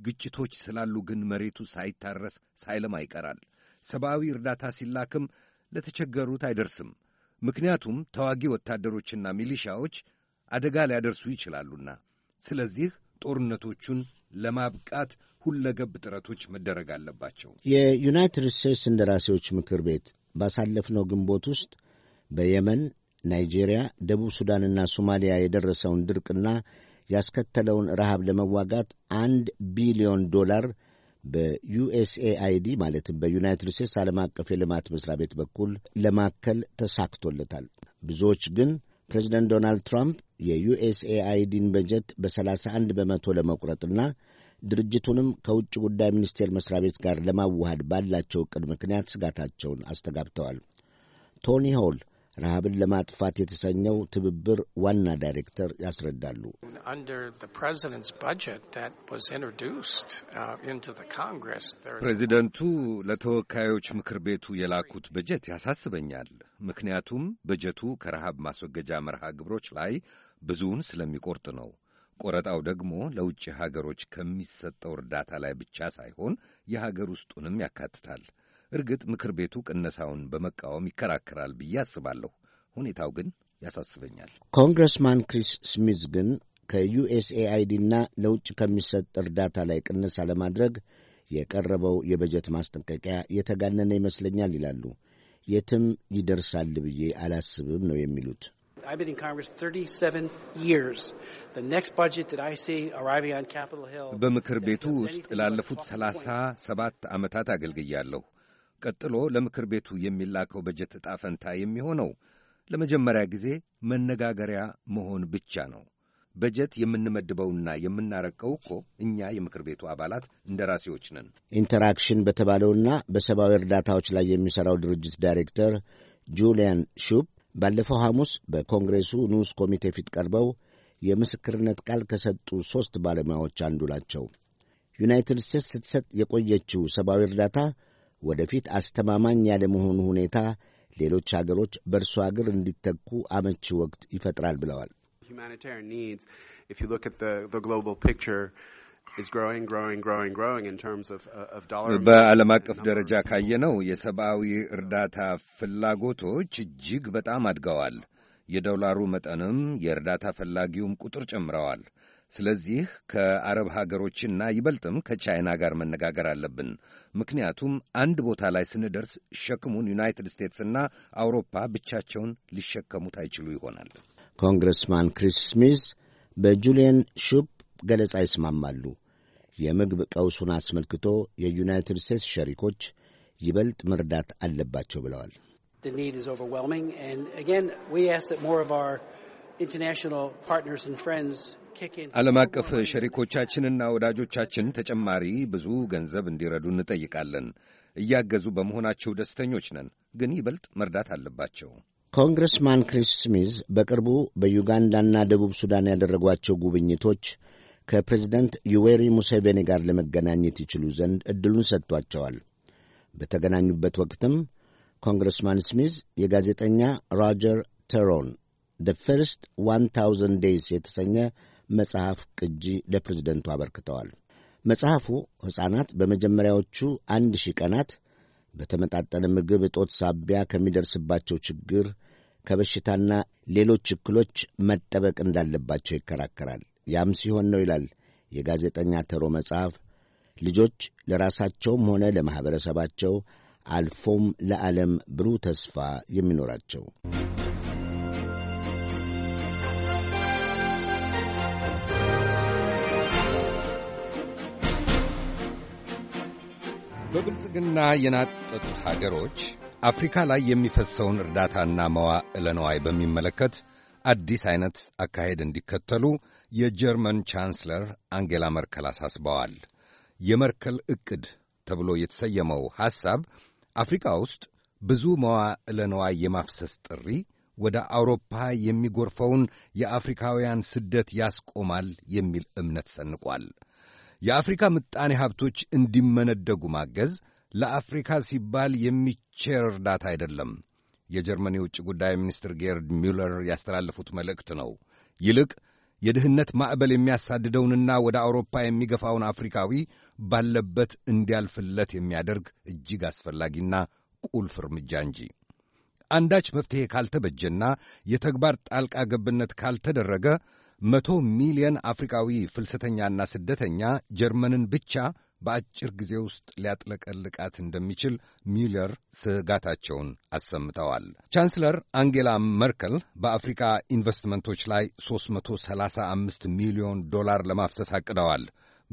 ግጭቶች ስላሉ ግን መሬቱ ሳይታረስ ሳይለማ ይቀራል። ሰብአዊ እርዳታ ሲላክም ለተቸገሩት አይደርስም። ምክንያቱም ተዋጊ ወታደሮችና ሚሊሻዎች አደጋ ሊያደርሱ ይችላሉና። ስለዚህ ጦርነቶቹን ለማብቃት ሁለገብ ጥረቶች መደረግ አለባቸው። የዩናይትድ ስቴትስ እንደራሴዎች ምክር ቤት ባሳለፍነው ግንቦት ውስጥ በየመን፣ ናይጄሪያ፣ ደቡብ ሱዳንና ሶማሊያ የደረሰውን ድርቅና ያስከተለውን ረሃብ ለመዋጋት አንድ ቢሊዮን ዶላር በዩኤስኤአይዲ ማለትም በዩናይትድ ስቴትስ ዓለም አቀፍ የልማት መስሪያ ቤት በኩል ለማከል ተሳክቶለታል። ብዙዎች ግን ፕሬዚደንት ዶናልድ ትራምፕ የዩኤስኤአይዲን በጀት በ31 በመቶ ለመቁረጥና ድርጅቱንም ከውጭ ጉዳይ ሚኒስቴር መስሪያ ቤት ጋር ለማዋሃድ ባላቸው ዕቅድ ምክንያት ስጋታቸውን አስተጋብተዋል። ቶኒ ሆል ረሃብን ለማጥፋት የተሰኘው ትብብር ዋና ዳይሬክተር ያስረዳሉ። uh, ፕሬዚደንቱ ለተወካዮች ምክር ቤቱ የላኩት በጀት ያሳስበኛል። ምክንያቱም በጀቱ ከረሃብ ማስወገጃ መርሃ ግብሮች ላይ ብዙውን ስለሚቆርጥ ነው። ቆረጣው ደግሞ ለውጭ ሀገሮች ከሚሰጠው እርዳታ ላይ ብቻ ሳይሆን የሀገር ውስጡንም ያካትታል። እርግጥ ምክር ቤቱ ቅነሳውን በመቃወም ይከራከራል ብዬ አስባለሁ። ሁኔታው ግን ያሳስበኛል። ኮንግረስማን ክሪስ ስሚዝ ግን ከዩኤስኤአይዲና ለውጭ ከሚሰጥ እርዳታ ላይ ቅነሳ ለማድረግ የቀረበው የበጀት ማስጠንቀቂያ የተጋነነ ይመስለኛል ይላሉ። የትም ይደርሳል ብዬ አላስብም ነው የሚሉት። በምክር ቤቱ ውስጥ ላለፉት ሰላሳ ሰባት ዓመታት አገልግያለሁ። ቀጥሎ ለምክር ቤቱ የሚላከው በጀት ዕጣ ፈንታ የሚሆነው ለመጀመሪያ ጊዜ መነጋገሪያ መሆን ብቻ ነው። በጀት የምንመድበውና የምናረቀው እኮ እኛ የምክር ቤቱ አባላት እንደራሴዎች ነን። ኢንተራክሽን በተባለውና በሰብአዊ እርዳታዎች ላይ የሚሠራው ድርጅት ዳይሬክተር ጁሊያን ሹፕ ባለፈው ሐሙስ በኮንግሬሱ ንዑስ ኮሚቴ ፊት ቀርበው የምስክርነት ቃል ከሰጡ ሦስት ባለሙያዎች አንዱ ናቸው። ዩናይትድ ስቴትስ ስትሰጥ የቆየችው ሰብአዊ እርዳታ ወደፊት አስተማማኝ ያለመሆኑ ሁኔታ ሌሎች አገሮች በእርሶ እግር እንዲተኩ አመቺ ወቅት ይፈጥራል ብለዋል። በዓለም አቀፍ ደረጃ ካየነው የሰብአዊ እርዳታ ፍላጎቶች እጅግ በጣም አድገዋል። የዶላሩ መጠንም የእርዳታ ፈላጊውም ቁጥር ጨምረዋል። ስለዚህ ከአረብ ሀገሮችና ይበልጥም ከቻይና ጋር መነጋገር አለብን። ምክንያቱም አንድ ቦታ ላይ ስንደርስ ሸክሙን ዩናይትድ ስቴትስና አውሮፓ ብቻቸውን ሊሸከሙት አይችሉ ይሆናል። ኮንግረስማን ክሪስ ስሚዝ በጁልየን ሹፕ ገለጻ ይስማማሉ። የምግብ ቀውሱን አስመልክቶ የዩናይትድ ስቴትስ ሸሪኮች ይበልጥ መርዳት አለባቸው ብለዋል። ኢንተርናሽናል ፓርትነርስ ኤንድ ፍሬንድስ ዓለም አቀፍ ሸሪኮቻችንና ወዳጆቻችን ተጨማሪ ብዙ ገንዘብ እንዲረዱ እንጠይቃለን። እያገዙ በመሆናቸው ደስተኞች ነን፣ ግን ይበልጥ መርዳት አለባቸው። ኮንግረስማን ክሪስ ስሚዝ በቅርቡ በዩጋንዳና ደቡብ ሱዳን ያደረጓቸው ጉብኝቶች ከፕሬዝደንት ዩዌሪ ሙሴቬኒ ጋር ለመገናኘት ይችሉ ዘንድ ዕድሉን ሰጥቷቸዋል። በተገናኙበት ወቅትም ኮንግረስማን ስሚዝ የጋዜጠኛ ሮጀር ተሮን ዘ ፈርስት 1000 ዴይስ የተሰኘ መጽሐፍ ቅጂ ለፕሬዝደንቱ አበርክተዋል። መጽሐፉ ሕፃናት በመጀመሪያዎቹ አንድ ሺህ ቀናት በተመጣጠነ ምግብ እጦት ሳቢያ ከሚደርስባቸው ችግር ከበሽታና ሌሎች እክሎች መጠበቅ እንዳለባቸው ይከራከራል። ያም ሲሆን ነው ይላል የጋዜጠኛ ተሮ መጽሐፍ ልጆች ለራሳቸውም ሆነ ለማኅበረሰባቸው አልፎም ለዓለም ብሩህ ተስፋ የሚኖራቸው በብልጽግና የናጠጡት ሀገሮች አፍሪካ ላይ የሚፈሰውን እርዳታና መዋዕለ ነዋይ በሚመለከት አዲስ አይነት አካሄድ እንዲከተሉ የጀርመን ቻንስለር አንጌላ መርከል አሳስበዋል። የመርከል ዕቅድ ተብሎ የተሰየመው ሐሳብ አፍሪካ ውስጥ ብዙ መዋዕለ ነዋይ የማፍሰስ ጥሪ ወደ አውሮፓ የሚጎርፈውን የአፍሪካውያን ስደት ያስቆማል የሚል እምነት ሰንቋል። የአፍሪካ ምጣኔ ሀብቶች እንዲመነደጉ ማገዝ ለአፍሪካ ሲባል የሚቸር እርዳታ አይደለም። የጀርመን የውጭ ጉዳይ ሚኒስትር ጌርድ ሚለር ያስተላለፉት መልእክት ነው። ይልቅ የድህነት ማዕበል የሚያሳድደውንና ወደ አውሮፓ የሚገፋውን አፍሪካዊ ባለበት እንዲያልፍለት የሚያደርግ እጅግ አስፈላጊና ቁልፍ እርምጃ እንጂ አንዳች መፍትሔ ካልተበጀና የተግባር ጣልቃ ገብነት ካልተደረገ መቶ ሚሊየን አፍሪካዊ ፍልሰተኛና ስደተኛ ጀርመንን ብቻ በአጭር ጊዜ ውስጥ ሊያጥለቀልቃት እንደሚችል ሚለር ስጋታቸውን አሰምተዋል። ቻንስለር አንጌላ መርከል በአፍሪካ ኢንቨስትመንቶች ላይ 335 ሚሊዮን ዶላር ለማፍሰስ አቅደዋል።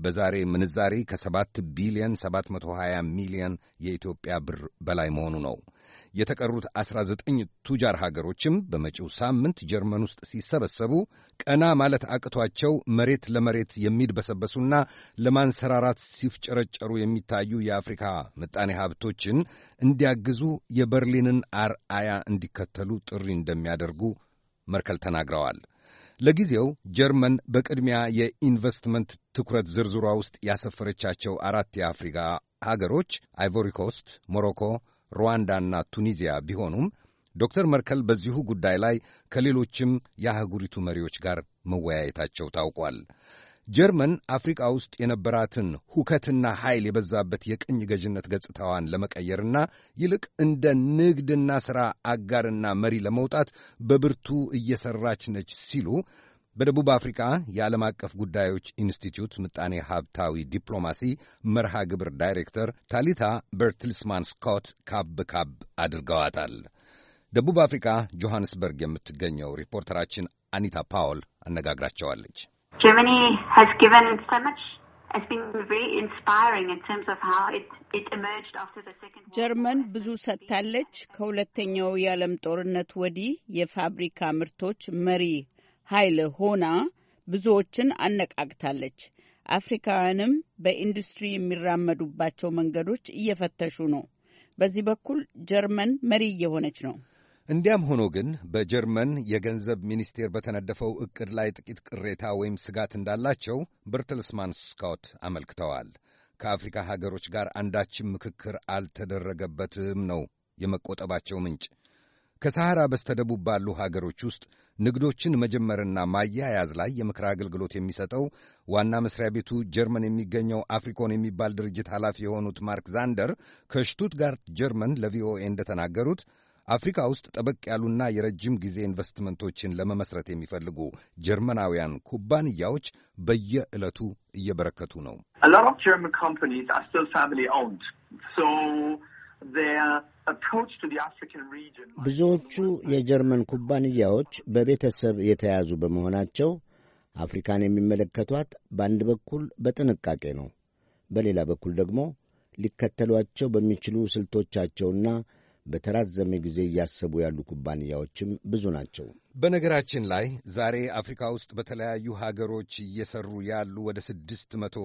በዛሬ ምንዛሪ ከ7 ቢሊዮን 720 ሚሊዮን የኢትዮጵያ ብር በላይ መሆኑ ነው። የተቀሩት 19 ቱጃር ሀገሮችም በመጪው ሳምንት ጀርመን ውስጥ ሲሰበሰቡ ቀና ማለት አቅቷቸው መሬት ለመሬት የሚድበሰበሱና ለማንሰራራት ሲፍጨረጨሩ የሚታዩ የአፍሪካ ምጣኔ ሀብቶችን እንዲያግዙ የበርሊንን አርአያ እንዲከተሉ ጥሪ እንደሚያደርጉ መርከል ተናግረዋል። ለጊዜው ጀርመን በቅድሚያ የኢንቨስትመንት ትኩረት ዝርዝሯ ውስጥ ያሰፈረቻቸው አራት የአፍሪካ ሀገሮች አይቮሪኮስት፣ ሞሮኮ፣ ሩዋንዳና ቱኒዚያ ቢሆኑም ዶክተር መርከል በዚሁ ጉዳይ ላይ ከሌሎችም የአህጉሪቱ መሪዎች ጋር መወያየታቸው ታውቋል። ጀርመን አፍሪቃ ውስጥ የነበራትን ሁከትና ኃይል የበዛበት የቅኝ ገዥነት ገጽታዋን ለመቀየርና ይልቅ እንደ ንግድና ሥራ አጋርና መሪ ለመውጣት በብርቱ እየሠራች ነች ሲሉ በደቡብ አፍሪካ የዓለም አቀፍ ጉዳዮች ኢንስቲትዩት ምጣኔ ሀብታዊ ዲፕሎማሲ መርሃ ግብር ዳይሬክተር ታሊታ በርትልስማን ስኮት ካብ ካብ አድርገዋታል። ደቡብ አፍሪካ ጆሐንስበርግ የምትገኘው ሪፖርተራችን አኒታ ፓውል አነጋግራቸዋለች። ጀርመን ብዙ ሰጥታለች። ከሁለተኛው የዓለም ጦርነት ወዲህ የፋብሪካ ምርቶች መሪ ኃይል ሆና ብዙዎችን አነቃቅታለች። አፍሪካውያንም በኢንዱስትሪ የሚራመዱባቸው መንገዶች እየፈተሹ ነው። በዚህ በኩል ጀርመን መሪ እየሆነች ነው። እንዲያም ሆኖ ግን በጀርመን የገንዘብ ሚኒስቴር በተነደፈው እቅድ ላይ ጥቂት ቅሬታ ወይም ስጋት እንዳላቸው ብርትልስማን ስኮት አመልክተዋል። ከአፍሪካ ሀገሮች ጋር አንዳችም ምክክር አልተደረገበትም ነው የመቆጠባቸው ምንጭ። ከሰሐራ በስተደቡብ ባሉ ሀገሮች ውስጥ ንግዶችን መጀመርና ማያያዝ ላይ የምክር አገልግሎት የሚሰጠው ዋና መስሪያ ቤቱ ጀርመን የሚገኘው አፍሪኮን የሚባል ድርጅት ኃላፊ የሆኑት ማርክ ዛንደር ከሽቱትጋርት ጀርመን ለቪኦኤ እንደተናገሩት አፍሪካ ውስጥ ጠበቅ ያሉና የረጅም ጊዜ ኢንቨስትመንቶችን ለመመስረት የሚፈልጉ ጀርመናውያን ኩባንያዎች በየዕለቱ እየበረከቱ ነው። ብዙዎቹ የጀርመን ኩባንያዎች በቤተሰብ የተያዙ በመሆናቸው አፍሪካን የሚመለከቷት በአንድ በኩል በጥንቃቄ ነው፣ በሌላ በኩል ደግሞ ሊከተሏቸው በሚችሉ ስልቶቻቸውና በተራዘመ ጊዜ እያሰቡ ያሉ ኩባንያዎችም ብዙ ናቸው። በነገራችን ላይ ዛሬ አፍሪካ ውስጥ በተለያዩ ሀገሮች እየሰሩ ያሉ ወደ ስድስት መቶ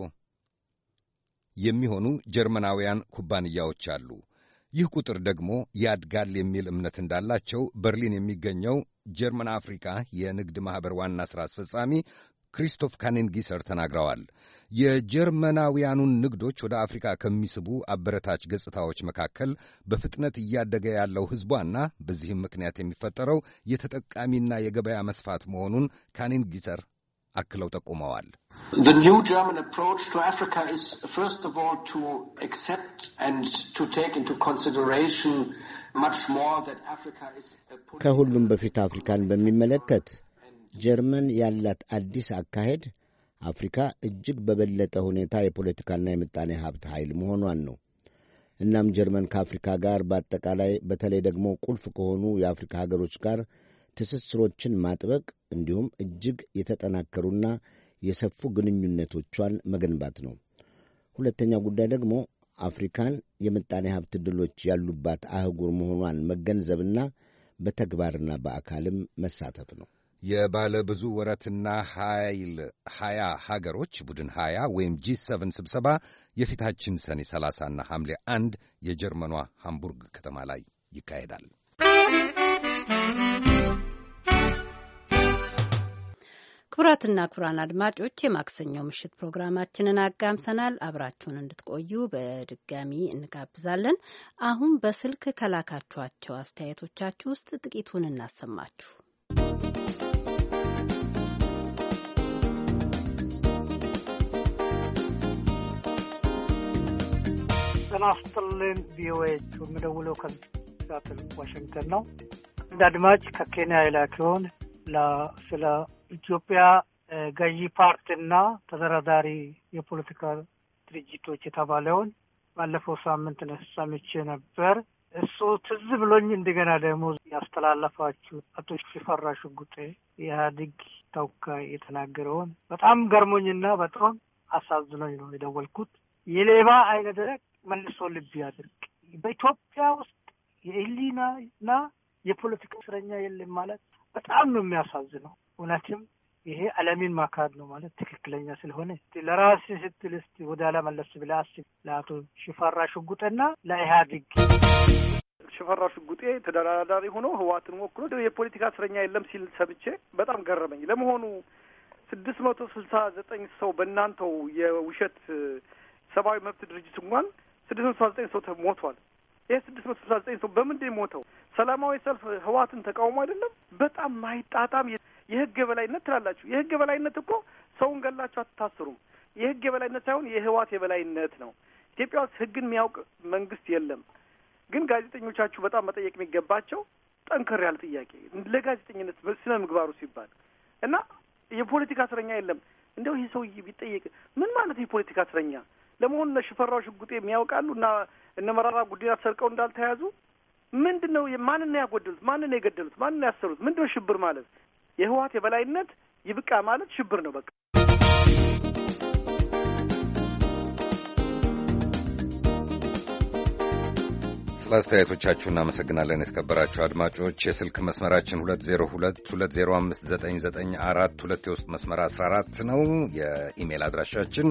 የሚሆኑ ጀርመናውያን ኩባንያዎች አሉ። ይህ ቁጥር ደግሞ ያድጋል የሚል እምነት እንዳላቸው በርሊን የሚገኘው ጀርመን አፍሪካ የንግድ ማኅበር ዋና ሥራ አስፈጻሚ ክሪስቶፍ ካኔንጊሰር ተናግረዋል። የጀርመናውያኑን ንግዶች ወደ አፍሪካ ከሚስቡ አበረታች ገጽታዎች መካከል በፍጥነት እያደገ ያለው ሕዝቧና በዚህም ምክንያት የሚፈጠረው የተጠቃሚና የገበያ መስፋት መሆኑን ካኔንጊሰር አክለው ጠቁመዋል። ከሁሉም በፊት አፍሪካን በሚመለከት ጀርመን ያላት አዲስ አካሄድ አፍሪካ እጅግ በበለጠ ሁኔታ የፖለቲካና የምጣኔ ሀብት ኃይል መሆኗን ነው። እናም ጀርመን ከአፍሪካ ጋር በአጠቃላይ በተለይ ደግሞ ቁልፍ ከሆኑ የአፍሪካ ሀገሮች ጋር ትስስሮችን ማጥበቅ እንዲሁም እጅግ የተጠናከሩና የሰፉ ግንኙነቶቿን መገንባት ነው። ሁለተኛው ጉዳይ ደግሞ አፍሪካን የምጣኔ ሀብት ዕድሎች ያሉባት አህጉር መሆኗን መገንዘብና በተግባርና በአካልም መሳተፍ ነው። የባለ ብዙ ወረትና ኃይል ሀያ ሀገሮች ቡድን ሀያ ወይም ጂ ሰቨን ስብሰባ የፊታችን ሰኔ 30ና ሐምሌ አንድ የጀርመኗ ሃምቡርግ ከተማ ላይ ይካሄዳል። ክቡራትና ክቡራን አድማጮች የማክሰኞው ምሽት ፕሮግራማችንን አጋምሰናል። አብራችሁን እንድትቆዩ በድጋሚ እንጋብዛለን። አሁን በስልክ ከላካችኋቸው አስተያየቶቻችሁ ውስጥ ጥቂቱን እናሰማችሁ። ጤና ይስጥልኝ። ቪኦኤ የምደውለው ከዚህ ዋሽንግተን ነው። እንደ አድማጭ ከኬንያ የላከውን ስለ ኢትዮጵያ ገዢ ፓርቲና ተደራዳሪ የፖለቲካ ድርጅቶች የተባለውን ባለፈው ሳምንት ሰምቼ ነበር። እሱ ትዝ ብሎኝ እንደገና ደግሞ ያስተላለፋችሁ አቶ ሽፈራ ሽጉጤ የኢህአዴግ ተወካይ የተናገረውን በጣም ገርሞኝና በጣም አሳዝኖኝ ነው የደወልኩት። የሌባ አይነ ደረቅ መልሶ ልብ ያድርግ። በኢትዮጵያ ውስጥ የኢሊና የህሊናና የፖለቲካ እስረኛ የለም ማለት በጣም ነው የሚያሳዝነው። እውነትም ይሄ አለሚን ማካድ ነው ማለት ትክክለኛ ስለሆነ ለራስ ስትል ስ ወደ አለመለስ ብለህ አስብ። ለአቶ ሽፈራ ሽጉጤና ለኢህአዴግ ሽፈራ ሽጉጤ ተደራዳሪ ሆኖ ህወሓትን ወክሎ የፖለቲካ እስረኛ የለም ሲል ሰምቼ በጣም ገረመኝ። ለመሆኑ ስድስት መቶ ስልሳ ዘጠኝ ሰው በእናንተው የውሸት ሰብአዊ መብት ድርጅት እንኳን ስድስት መቶ ስልሳ ዘጠኝ ሰው ሞቷል። ይህ ስድስት መቶ ስልሳ ዘጠኝ ሰው በምንድን ሞተው? ሰላማዊ ሰልፍ ህዋትን ተቃውሞ አይደለም? በጣም ማይጣጣም የህግ የበላይነት ትላላችሁ። የህግ የበላይነት እኮ ሰውን ገላችሁ አትታስሩም። የህግ የበላይነት ሳይሆን የህዋት የበላይነት ነው። ኢትዮጵያ ውስጥ ህግን የሚያውቅ መንግስት የለም። ግን ጋዜጠኞቻችሁ በጣም መጠየቅ የሚገባቸው ጠንከር ያለ ጥያቄ ለጋዜጠኝነት ስነ ምግባሩ ሲባል እና የፖለቲካ እስረኛ የለም። እንደው ይህ ሰውዬ ቢጠየቅ ምን ማለት የፖለቲካ እስረኛ ለመሆኑ እነ ሽፈራው ሽጉጤ የሚያውቃሉ እና እነ መራራ ጉዲና ሰርቀው እንዳልተያዙ ምንድን ነው? ማንን ነው ያጎደሉት? ማንን ነው የገደሉት? ማንን ነው ያሰሩት? ምንድን ነው ሽብር ማለት? የህወሀት የበላይነት ይብቃ ማለት ሽብር ነው በቃ። ለአስተያየቶቻችሁ እናመሰግናለን። የተከበራችሁ አድማጮች የስልክ መስመራችን 2022059942 የውስጥ መስመር 14 ነው። የኢሜል አድራሻችን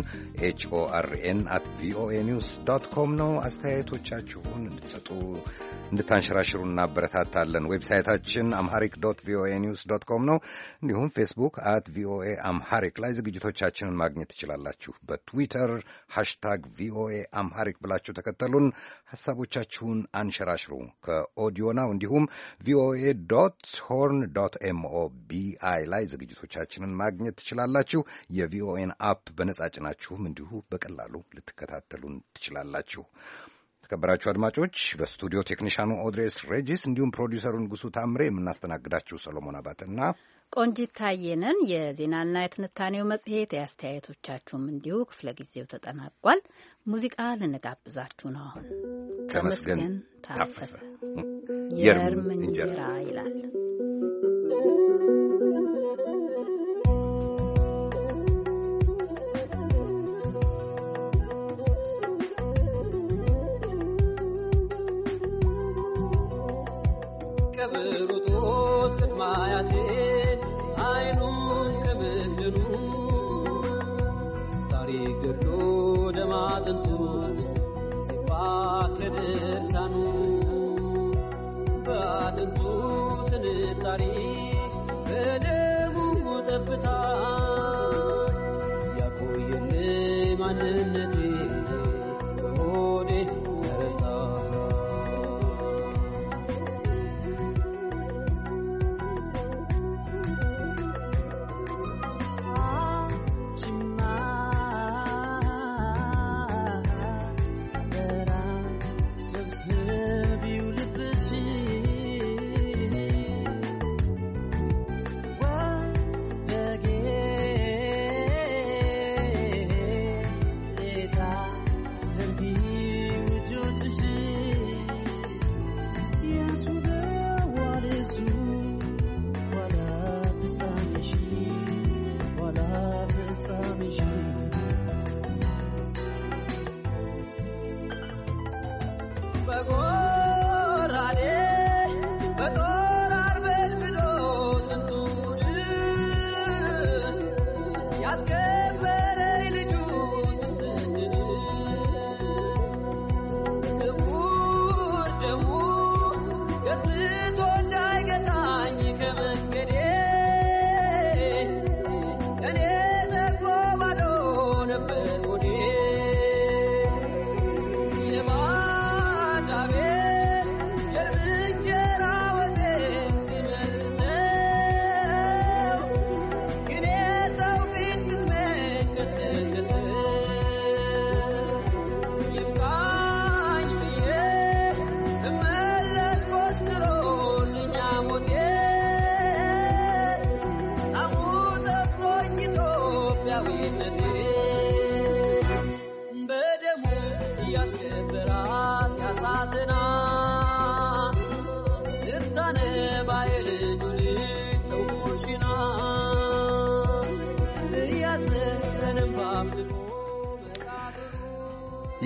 ኤችኦአርኤን አት ቪኦኤ ኒውስ ዶት ኮም ነው። አስተያየቶቻችሁን እንድትሰጡ እንድታንሸራሽሩ እናበረታታለን። ዌብሳይታችን አምሃሪክ ዶት ቪኦኤ ኒውስ ዶት ኮም ነው። እንዲሁም ፌስቡክ አት ቪኦኤ አምሃሪክ ላይ ዝግጅቶቻችንን ማግኘት ትችላላችሁ። በትዊተር ሃሽታግ ቪኦኤ አምሃሪክ ብላችሁ ተከተሉን። ሀሳቦቻችሁን አንሸራሽሩ ከኦዲዮናው እንዲሁም ቪኦኤ ዶት ሆርን ዶት ቢአይ ላይ ዝግጅቶቻችንን ማግኘት ትችላላችሁ። የቪኦኤን አፕ በነጻ ጭናችሁም እንዲሁ በቀላሉ ልትከታተሉን ትችላላችሁ። የተከበራችሁ አድማጮች በስቱዲዮ ቴክኒሻኑ ኦድሬስ ሬጂስ እንዲሁም ፕሮዲውሰሩ ንጉሱ ታምሬ የምናስተናግዳችሁ ሰሎሞን አባትና ቆንጂት ታየነን የዜናና የትንታኔው መጽሔት የአስተያየቶቻችሁም እንዲሁ ክፍለ ጊዜው ተጠናቋል። ሙዚቃ ልንጋብዛችሁ ነው። ተመስገን ታፈሰ የእርም እንጀራ ይላል። ቀብሩጦት ቅድማያቴ በድርሳኑ በአጥንቱ ስንጣሪ በደሙ ጠብታ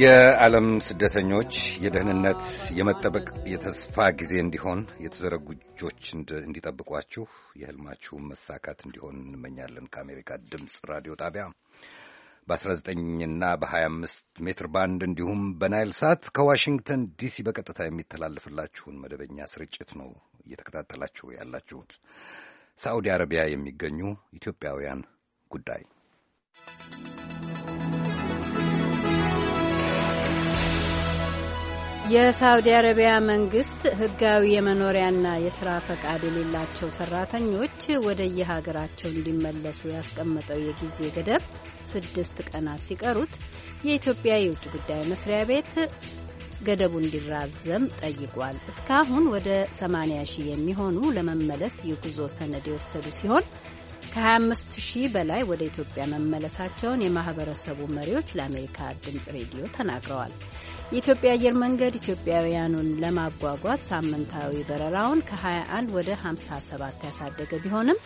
የዓለም ስደተኞች የደህንነት የመጠበቅ የተስፋ ጊዜ እንዲሆን የተዘረጉ እጆች እንዲጠብቋችሁ የህልማችሁ መሳካት እንዲሆን እንመኛለን። ከአሜሪካ ድምፅ ራዲዮ ጣቢያ በ19ና በ25 ሜትር ባንድ እንዲሁም በናይል ሳት ከዋሽንግተን ዲሲ በቀጥታ የሚተላለፍላችሁን መደበኛ ስርጭት ነው እየተከታተላችሁ ያላችሁት። ሳዑዲ አረቢያ የሚገኙ ኢትዮጵያውያን ጉዳይ የሳውዲ አረቢያ መንግስት ህጋዊ የመኖሪያና የስራ ፈቃድ የሌላቸው ሰራተኞች ወደ የሀገራቸው እንዲመለሱ ያስቀመጠው የጊዜ ገደብ ስድስት ቀናት ሲቀሩት የኢትዮጵያ የውጭ ጉዳይ መስሪያ ቤት ገደቡ እንዲራዘም ጠይቋል። እስካሁን ወደ 80 ሺህ የሚሆኑ ለመመለስ የጉዞ ሰነድ የወሰዱ ሲሆን ከ25 ሺህ በላይ ወደ ኢትዮጵያ መመለሳቸውን የማህበረሰቡ መሪዎች ለአሜሪካ ድምጽ ሬዲዮ ተናግረዋል። የኢትዮጵያ አየር መንገድ ኢትዮጵያውያኑን ለማጓጓዝ ሳምንታዊ በረራውን ከ21 ወደ 57 ያሳደገ ቢሆንም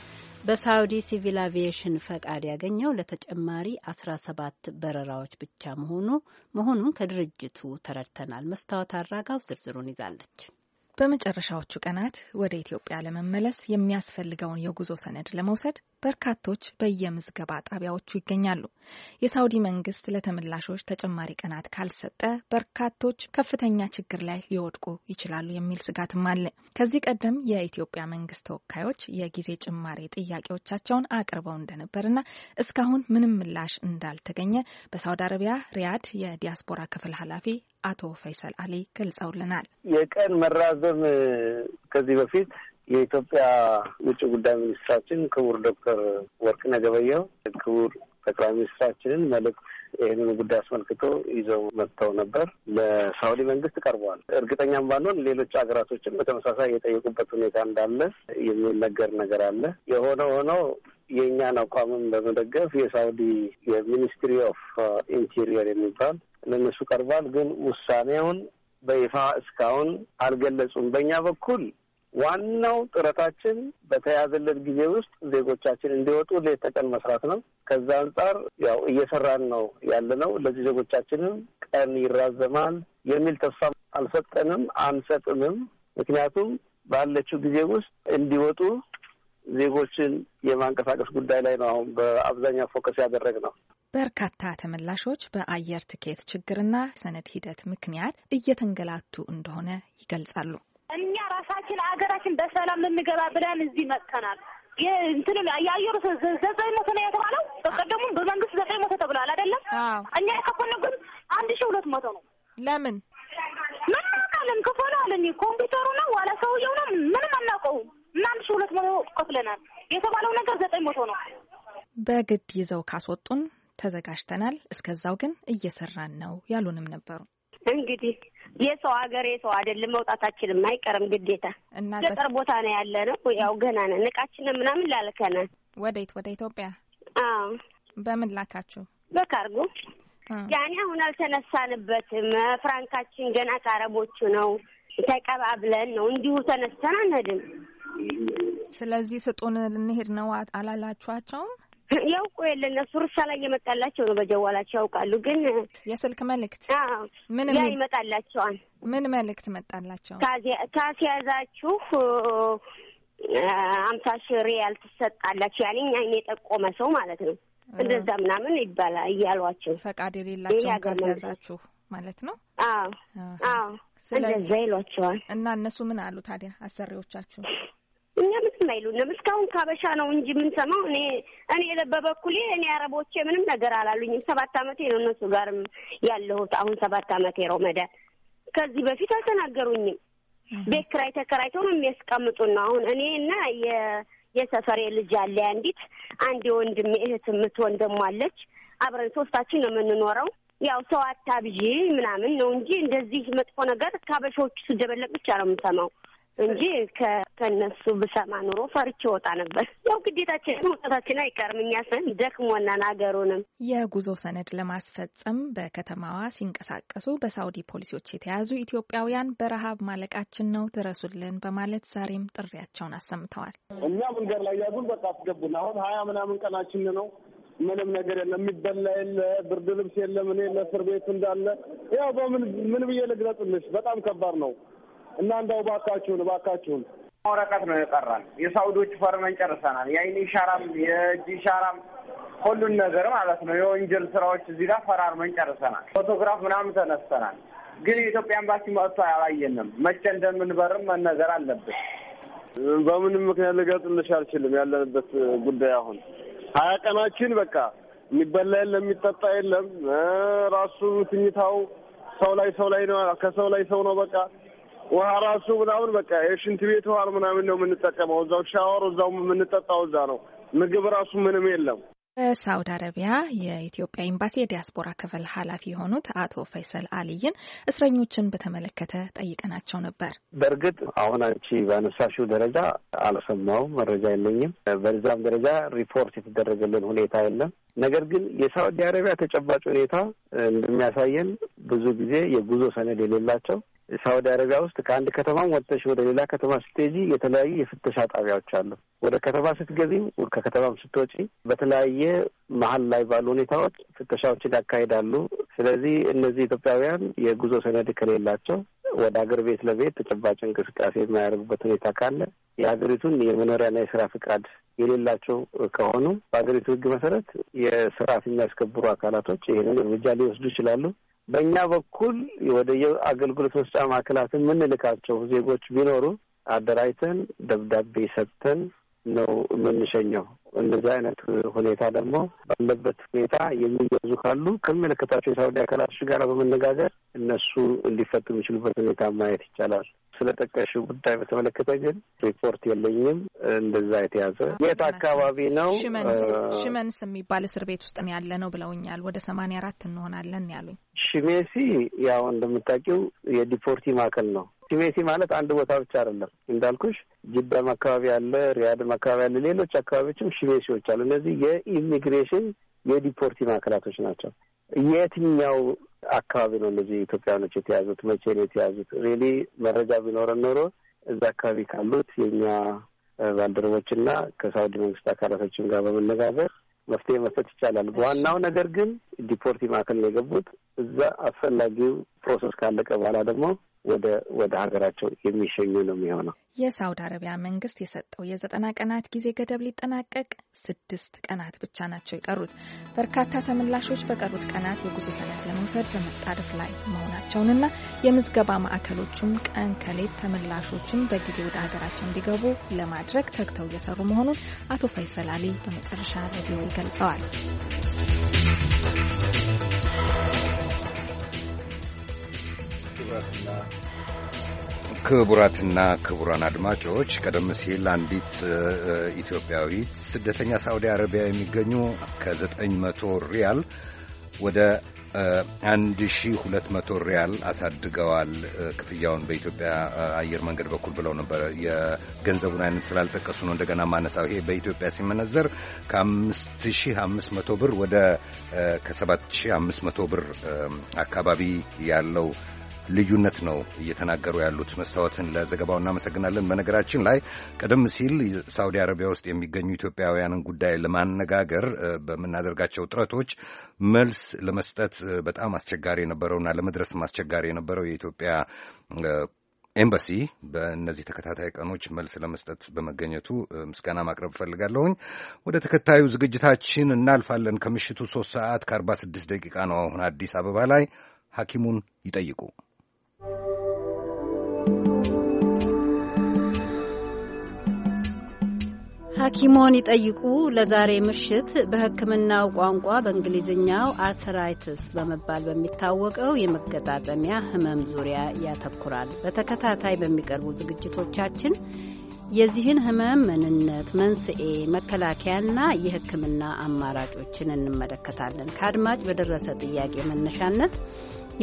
በሳውዲ ሲቪል አቪዬሽን ፈቃድ ያገኘው ለተጨማሪ 17 በረራዎች ብቻ መሆኑ መሆኑን ከድርጅቱ ተረድተናል። መስታወት አራጋው ዝርዝሩን ይዛለች። በመጨረሻዎቹ ቀናት ወደ ኢትዮጵያ ለመመለስ የሚያስፈልገውን የጉዞ ሰነድ ለመውሰድ በርካቶች በየምዝገባ ጣቢያዎቹ ይገኛሉ። የሳውዲ መንግስት ለተመላሾች ተጨማሪ ቀናት ካልሰጠ በርካቶች ከፍተኛ ችግር ላይ ሊወድቁ ይችላሉ የሚል ስጋትም አለ። ከዚህ ቀደም የኢትዮጵያ መንግስት ተወካዮች የጊዜ ጭማሪ ጥያቄዎቻቸውን አቅርበው እንደነበርና እስካሁን ምንም ምላሽ እንዳልተገኘ በሳውዲ አረቢያ ሪያድ የዲያስፖራ ክፍል ኃላፊ አቶ ፈይሰል አሊ ገልጸውልናል። የቀን መራዘም ከዚህ በፊት የኢትዮጵያ ውጭ ጉዳይ ሚኒስትራችን ክቡር ዶክተር ወርቅነህ ገበየሁ ክቡር ጠቅላይ ሚኒስትራችንን መልእክት ይህንን ጉዳይ አስመልክቶ ይዘው መጥተው ነበር። ለሳውዲ መንግስት ቀርቧል። እርግጠኛም ባንሆን ሌሎች ሀገራቶችም በተመሳሳይ የጠየቁበት ሁኔታ እንዳለ የሚነገር ነገር አለ። የሆነ ሆኖ የእኛን አቋምም በመደገፍ የሳውዲ የሚኒስትሪ ኦፍ ኢንቴሪየር የሚባል ለእነሱ ቀርቧል። ግን ውሳኔውን በይፋ እስካሁን አልገለጹም። በእኛ በኩል ዋናው ጥረታችን በተያዘለት ጊዜ ውስጥ ዜጎቻችን እንዲወጡ ሌት ተቀን መስራት ነው። ከዛ አንጻር ያው እየሰራን ነው ያለ ነው። ለዚህ ዜጎቻችንም ቀን ይራዘማል የሚል ተስፋ አልሰጠንም አንሰጥምም። ምክንያቱም ባለችው ጊዜ ውስጥ እንዲወጡ ዜጎችን የማንቀሳቀስ ጉዳይ ላይ ነው አሁን በአብዛኛው ፎከስ ያደረግ ነው። በርካታ ተመላሾች በአየር ትኬት ችግርና ሰነድ ሂደት ምክንያት እየተንገላቱ እንደሆነ ይገልጻሉ። እኛ ራሳችን አገራችን በሰላም ልንገባ ብለን እዚህ መጥተናል። እንትን የአየሩ ዘጠኝ መቶ ነው የተባለው። በቀደሙ በመንግስት ዘጠኝ መቶ ተብሏል አይደለም። እኛ የከፈነ ግን አንድ ሺ ሁለት መቶ ነው። ለምን ምን አለን ክፈሉ አለኝ። ኮምፒውተሩ ነው ዋላ ሰውየው ነው ምንም አናውቀውም። እና አንድ ሺ ሁለት መቶ ከፍለናል። የተባለው ነገር ዘጠኝ መቶ ነው። በግድ ይዘው ካስወጡን ተዘጋጅተናል። እስከዛው ግን እየሰራን ነው ያሉንም ነበሩ እንግዲህ የሰው ሀገር የሰው አይደለም። መውጣታችን አይቀርም ግዴታ። ገጠር ቦታ ነው ያለ ነው ያው ገና ነን። እቃችንን ምናምን ላልከነ ወዴት ወደ ኢትዮጵያ? በምን ላካችሁ? በካርጎ ያኔ አሁን አልተነሳንበትም። ፍራንካችን ገና ከአረቦቹ ነው ተቀባብለን ነው እንዲሁ ተነስተን አንሄድም። ስለዚህ ስጡን ልንሄድ ነው አላላችኋቸውም? ያውቁ የለ እነሱ ርሳ ላይ እየመጣላቸው ነው። በጀዋላቸው ያውቃሉ። ግን የስልክ መልእክት ምን ያ ይመጣላቸዋል። ምን መልእክት መጣላቸው? ካስያዛችሁ አምሳ ሺ ሪያል ትሰጣላችሁ። ያኔ እኛን የጠቆመ ሰው ማለት ነው። እንደዛ ምናምን ይባላል እያሏቸው ፈቃድ የሌላቸው ካስያዛችሁ ማለት ነው። አዎ አዎ፣ እንደዛ ይሏቸዋል። እና እነሱ ምን አሉ ታዲያ አሰሪዎቻችሁ? እኛ ምንም አይሉንም። እስካሁን ካበሻ ነው እንጂ የምንሰማው። እኔ እኔ በበኩሌ እኔ አረቦቼ ምንም ነገር አላሉኝም። ሰባት አመቴ ነው እነሱ ጋርም ያለሁት አሁን ሰባት አመቴ ረመዳን። ከዚህ በፊት አልተናገሩኝም። ቤት ኪራይ ተከራይተው ነው የሚያስቀምጡን ነው። አሁን እኔ እና የሰፈሬ ልጅ አለ አንዲት አንድ የወንድሜ እህት የምትሆን ደግሞ አለች። አብረን ሶስታችን ነው የምንኖረው። ያው ሰው አታብዢ ምናምን ነው እንጂ እንደዚህ መጥፎ ነገር ከአበሾቹ ስደበለቅ ብቻ ነው የምሰማው እንጂ ከነሱ ብሰማ ኑሮ ፈርቼ ወጣ ነበር። ያው ግዴታችን መውጣታችን አይቀርም። እኛ ስን ደክሞናን አገሩንም የጉዞ ሰነድ ለማስፈጸም በከተማዋ ሲንቀሳቀሱ በሳውዲ ፖሊሶች የተያዙ ኢትዮጵያውያን በረሀብ ማለቃችን ነው ድረሱልን በማለት ዛሬም ጥሪያቸውን አሰምተዋል። እኛ መንገድ ላይ ያዙን፣ በቃ አስገቡን። አሁን ሀያ ምናምን ቀናችን ነው። ምንም ነገር የለም። የሚበላ የለ፣ ብርድ ልብስ የለም። እኔ ለእስር ቤት እንዳለ ያው በምን ምን ብዬ ልግለጽልሽ? በጣም ከባድ ነው እና እንዳው ባካችሁን፣ ባካችሁን ወረቀት ነው የቀራን። የሳውዶች ፈርመን ጨርሰናል። የአይን ሻራም የእጅ ሻራም ሁሉን ነገር ማለት ነው። የወንጀል ስራዎች እዚህ ጋር ፈራርመን ጨርሰናል። ፎቶግራፍ ምናምን ተነስተናል። ግን የኢትዮጵያ ኤምባሲ መጥቶ አላየንም። መቼ እንደምንበርም መነገር አለብን። በምንም ምክንያት ልገልጽልሽ አልችልም። ያለንበት ጉዳይ አሁን ሀያ ቀናችን በቃ የሚበላ የለም፣ የሚጠጣ የለም። ራሱ ትኝታው ሰው ላይ ሰው ላይ ነው፣ ከሰው ላይ ሰው ነው በቃ ውሃ ራሱ ምናምን በቃ የሽንት ቤት ውሃ ምናምን ነው የምንጠቀመው። እዛው ሻወር እዛው የምንጠጣው እዛ ነው። ምግብ ራሱ ምንም የለም። በሳውዲ አረቢያ የኢትዮጵያ ኤምባሲ የዲያስፖራ ክፍል ኃላፊ የሆኑት አቶ ፈይሰል አልይን እስረኞችን በተመለከተ ጠይቀናቸው ነበር። በእርግጥ አሁን አንቺ ባነሳሽው ደረጃ አልሰማውም፣ መረጃ የለኝም። በዛም ደረጃ ሪፖርት የተደረገልን ሁኔታ የለም። ነገር ግን የሳውዲ አረቢያ ተጨባጭ ሁኔታ እንደሚያሳየን ብዙ ጊዜ የጉዞ ሰነድ የሌላቸው ሳውዲ አረቢያ ውስጥ ከአንድ ከተማም ወጥተሽ ወደ ሌላ ከተማ ስትሄጂ የተለያዩ የፍተሻ ጣቢያዎች አሉ። ወደ ከተማ ስትገቢም ከከተማም ስትወጪ በተለያየ መሀል ላይ ባሉ ሁኔታዎች ፍተሻዎችን ያካሂዳሉ። ስለዚህ እነዚህ ኢትዮጵያውያን የጉዞ ሰነድ ከሌላቸው ወደ ሀገር ቤት ለቤት ተጨባጭ እንቅስቃሴ የማያደርጉበት ሁኔታ ካለ የሀገሪቱን የመኖሪያና የስራ ፍቃድ የሌላቸው ከሆኑ በሀገሪቱ ሕግ መሰረት የስርዓት የሚያስከብሩ አካላቶች ይህንን እርምጃ ሊወስዱ ይችላሉ። በእኛ በኩል ወደ የአገልግሎት መስጫ ማዕከላት የምንልካቸው ዜጎች ቢኖሩ አደራጅተን ደብዳቤ ሰጥተን ነው የምንሸኘው። እንደዚህ አይነት ሁኔታ ደግሞ ባለበት ሁኔታ የሚገዙ ካሉ ከሚመለከታቸው የሳውዲ አካላቶች ጋር በመነጋገር እነሱ ሊፈቱ የሚችሉበት ሁኔታ ማየት ይቻላል። ስለ ጠቀሽ ጉዳይ በተመለከተ ግን ሪፖርት የለኝም። እንደዛ የተያዘ የት አካባቢ ነው? ሽመንስ የሚባል እስር ቤት ውስጥ ያለ ነው ብለውኛል። ወደ ሰማንያ አራት እንሆናለን ያሉኝ። ሽሜሲ ያው እንደምታውቂው የዲፖርቲ ማዕከል ነው። ሲቤሲ ማለት አንድ ቦታ ብቻ አይደለም። እንዳልኩሽ ጅዳም አካባቢ አለ፣ ሪያድም አካባቢ አለ፣ ሌሎች አካባቢዎችም ሽቤሲዎች አሉ። እነዚህ የኢሚግሬሽን የዲፖርቲ ማዕከላቶች ናቸው። የትኛው አካባቢ ነው እነዚህ ኢትዮጵያኖች የተያዙት? መቼ ነው የተያዙት? ሬሊ መረጃ ቢኖረን ኖሮ እዛ አካባቢ ካሉት የእኛ ባልደረቦችና ከሳውዲ መንግስት አካላቶችም ጋር በመነጋገር መፍትሄ መስጠት ይቻላል። ዋናው ነገር ግን ዲፖርቲ ማዕከል ነው የገቡት። እዛ አስፈላጊው ፕሮሰስ ካለቀ በኋላ ደግሞ ወደ ወደ ሀገራቸው የሚሸኙ ነው የሚሆነው። የሳውዲ አረቢያ መንግስት የሰጠው የዘጠና ቀናት ጊዜ ገደብ ሊጠናቀቅ ስድስት ቀናት ብቻ ናቸው የቀሩት። በርካታ ተመላሾች በቀሩት ቀናት የጉዞ ሰነድ ለመውሰድ በመጣደፍ ላይ መሆናቸውንና የምዝገባ ማዕከሎቹም ቀን ከሌት ተመላሾችም በጊዜ ወደ ሀገራቸው እንዲገቡ ለማድረግ ተግተው እየሰሩ መሆኑን አቶ ፈይሰል አሊ በመጨረሻ ለቪኦኤ ገልጸዋል። ክቡራትና ክቡራን አድማጮች ቀደም ሲል አንዲት ኢትዮጵያዊት ስደተኛ ሳዑዲ አረቢያ የሚገኙ ከ900 ሪያል ወደ 1200 ሪያል አሳድገዋል ክፍያውን በኢትዮጵያ አየር መንገድ በኩል ብለው ነበር። የገንዘቡን አይነት ስላልጠቀሱ ነው እንደገና ማነሳው። ይሄ በኢትዮጵያ ሲመነዘር ከ5500 ብር ወደ ከ7500 ብር አካባቢ ያለው ልዩነት ነው እየተናገሩ ያሉት። መስታወትን ለዘገባው እናመሰግናለን። በነገራችን ላይ ቀደም ሲል ሳውዲ አረቢያ ውስጥ የሚገኙ ኢትዮጵያውያንን ጉዳይ ለማነጋገር በምናደርጋቸው ጥረቶች መልስ ለመስጠት በጣም አስቸጋሪ የነበረውና ለመድረስም አስቸጋሪ የነበረው የኢትዮጵያ ኤምባሲ በእነዚህ ተከታታይ ቀኖች መልስ ለመስጠት በመገኘቱ ምስጋና ማቅረብ እፈልጋለሁኝ። ወደ ተከታዩ ዝግጅታችን እናልፋለን። ከምሽቱ ሶስት ሰዓት ከአርባ ስድስት ደቂቃ ነው አሁን አዲስ አበባ ላይ ሐኪሙን ይጠይቁ ሐኪሞን ይጠይቁ ለዛሬ ምሽት በሕክምናው ቋንቋ በእንግሊዝኛው አርትራይትስ በመባል በሚታወቀው የመገጣጠሚያ ህመም ዙሪያ ያተኩራል። በተከታታይ በሚቀርቡ ዝግጅቶቻችን የዚህን ህመም ምንነት፣ መንስኤ፣ መከላከያና የህክምና አማራጮችን እንመለከታለን። ከአድማጭ በደረሰ ጥያቄ መነሻነት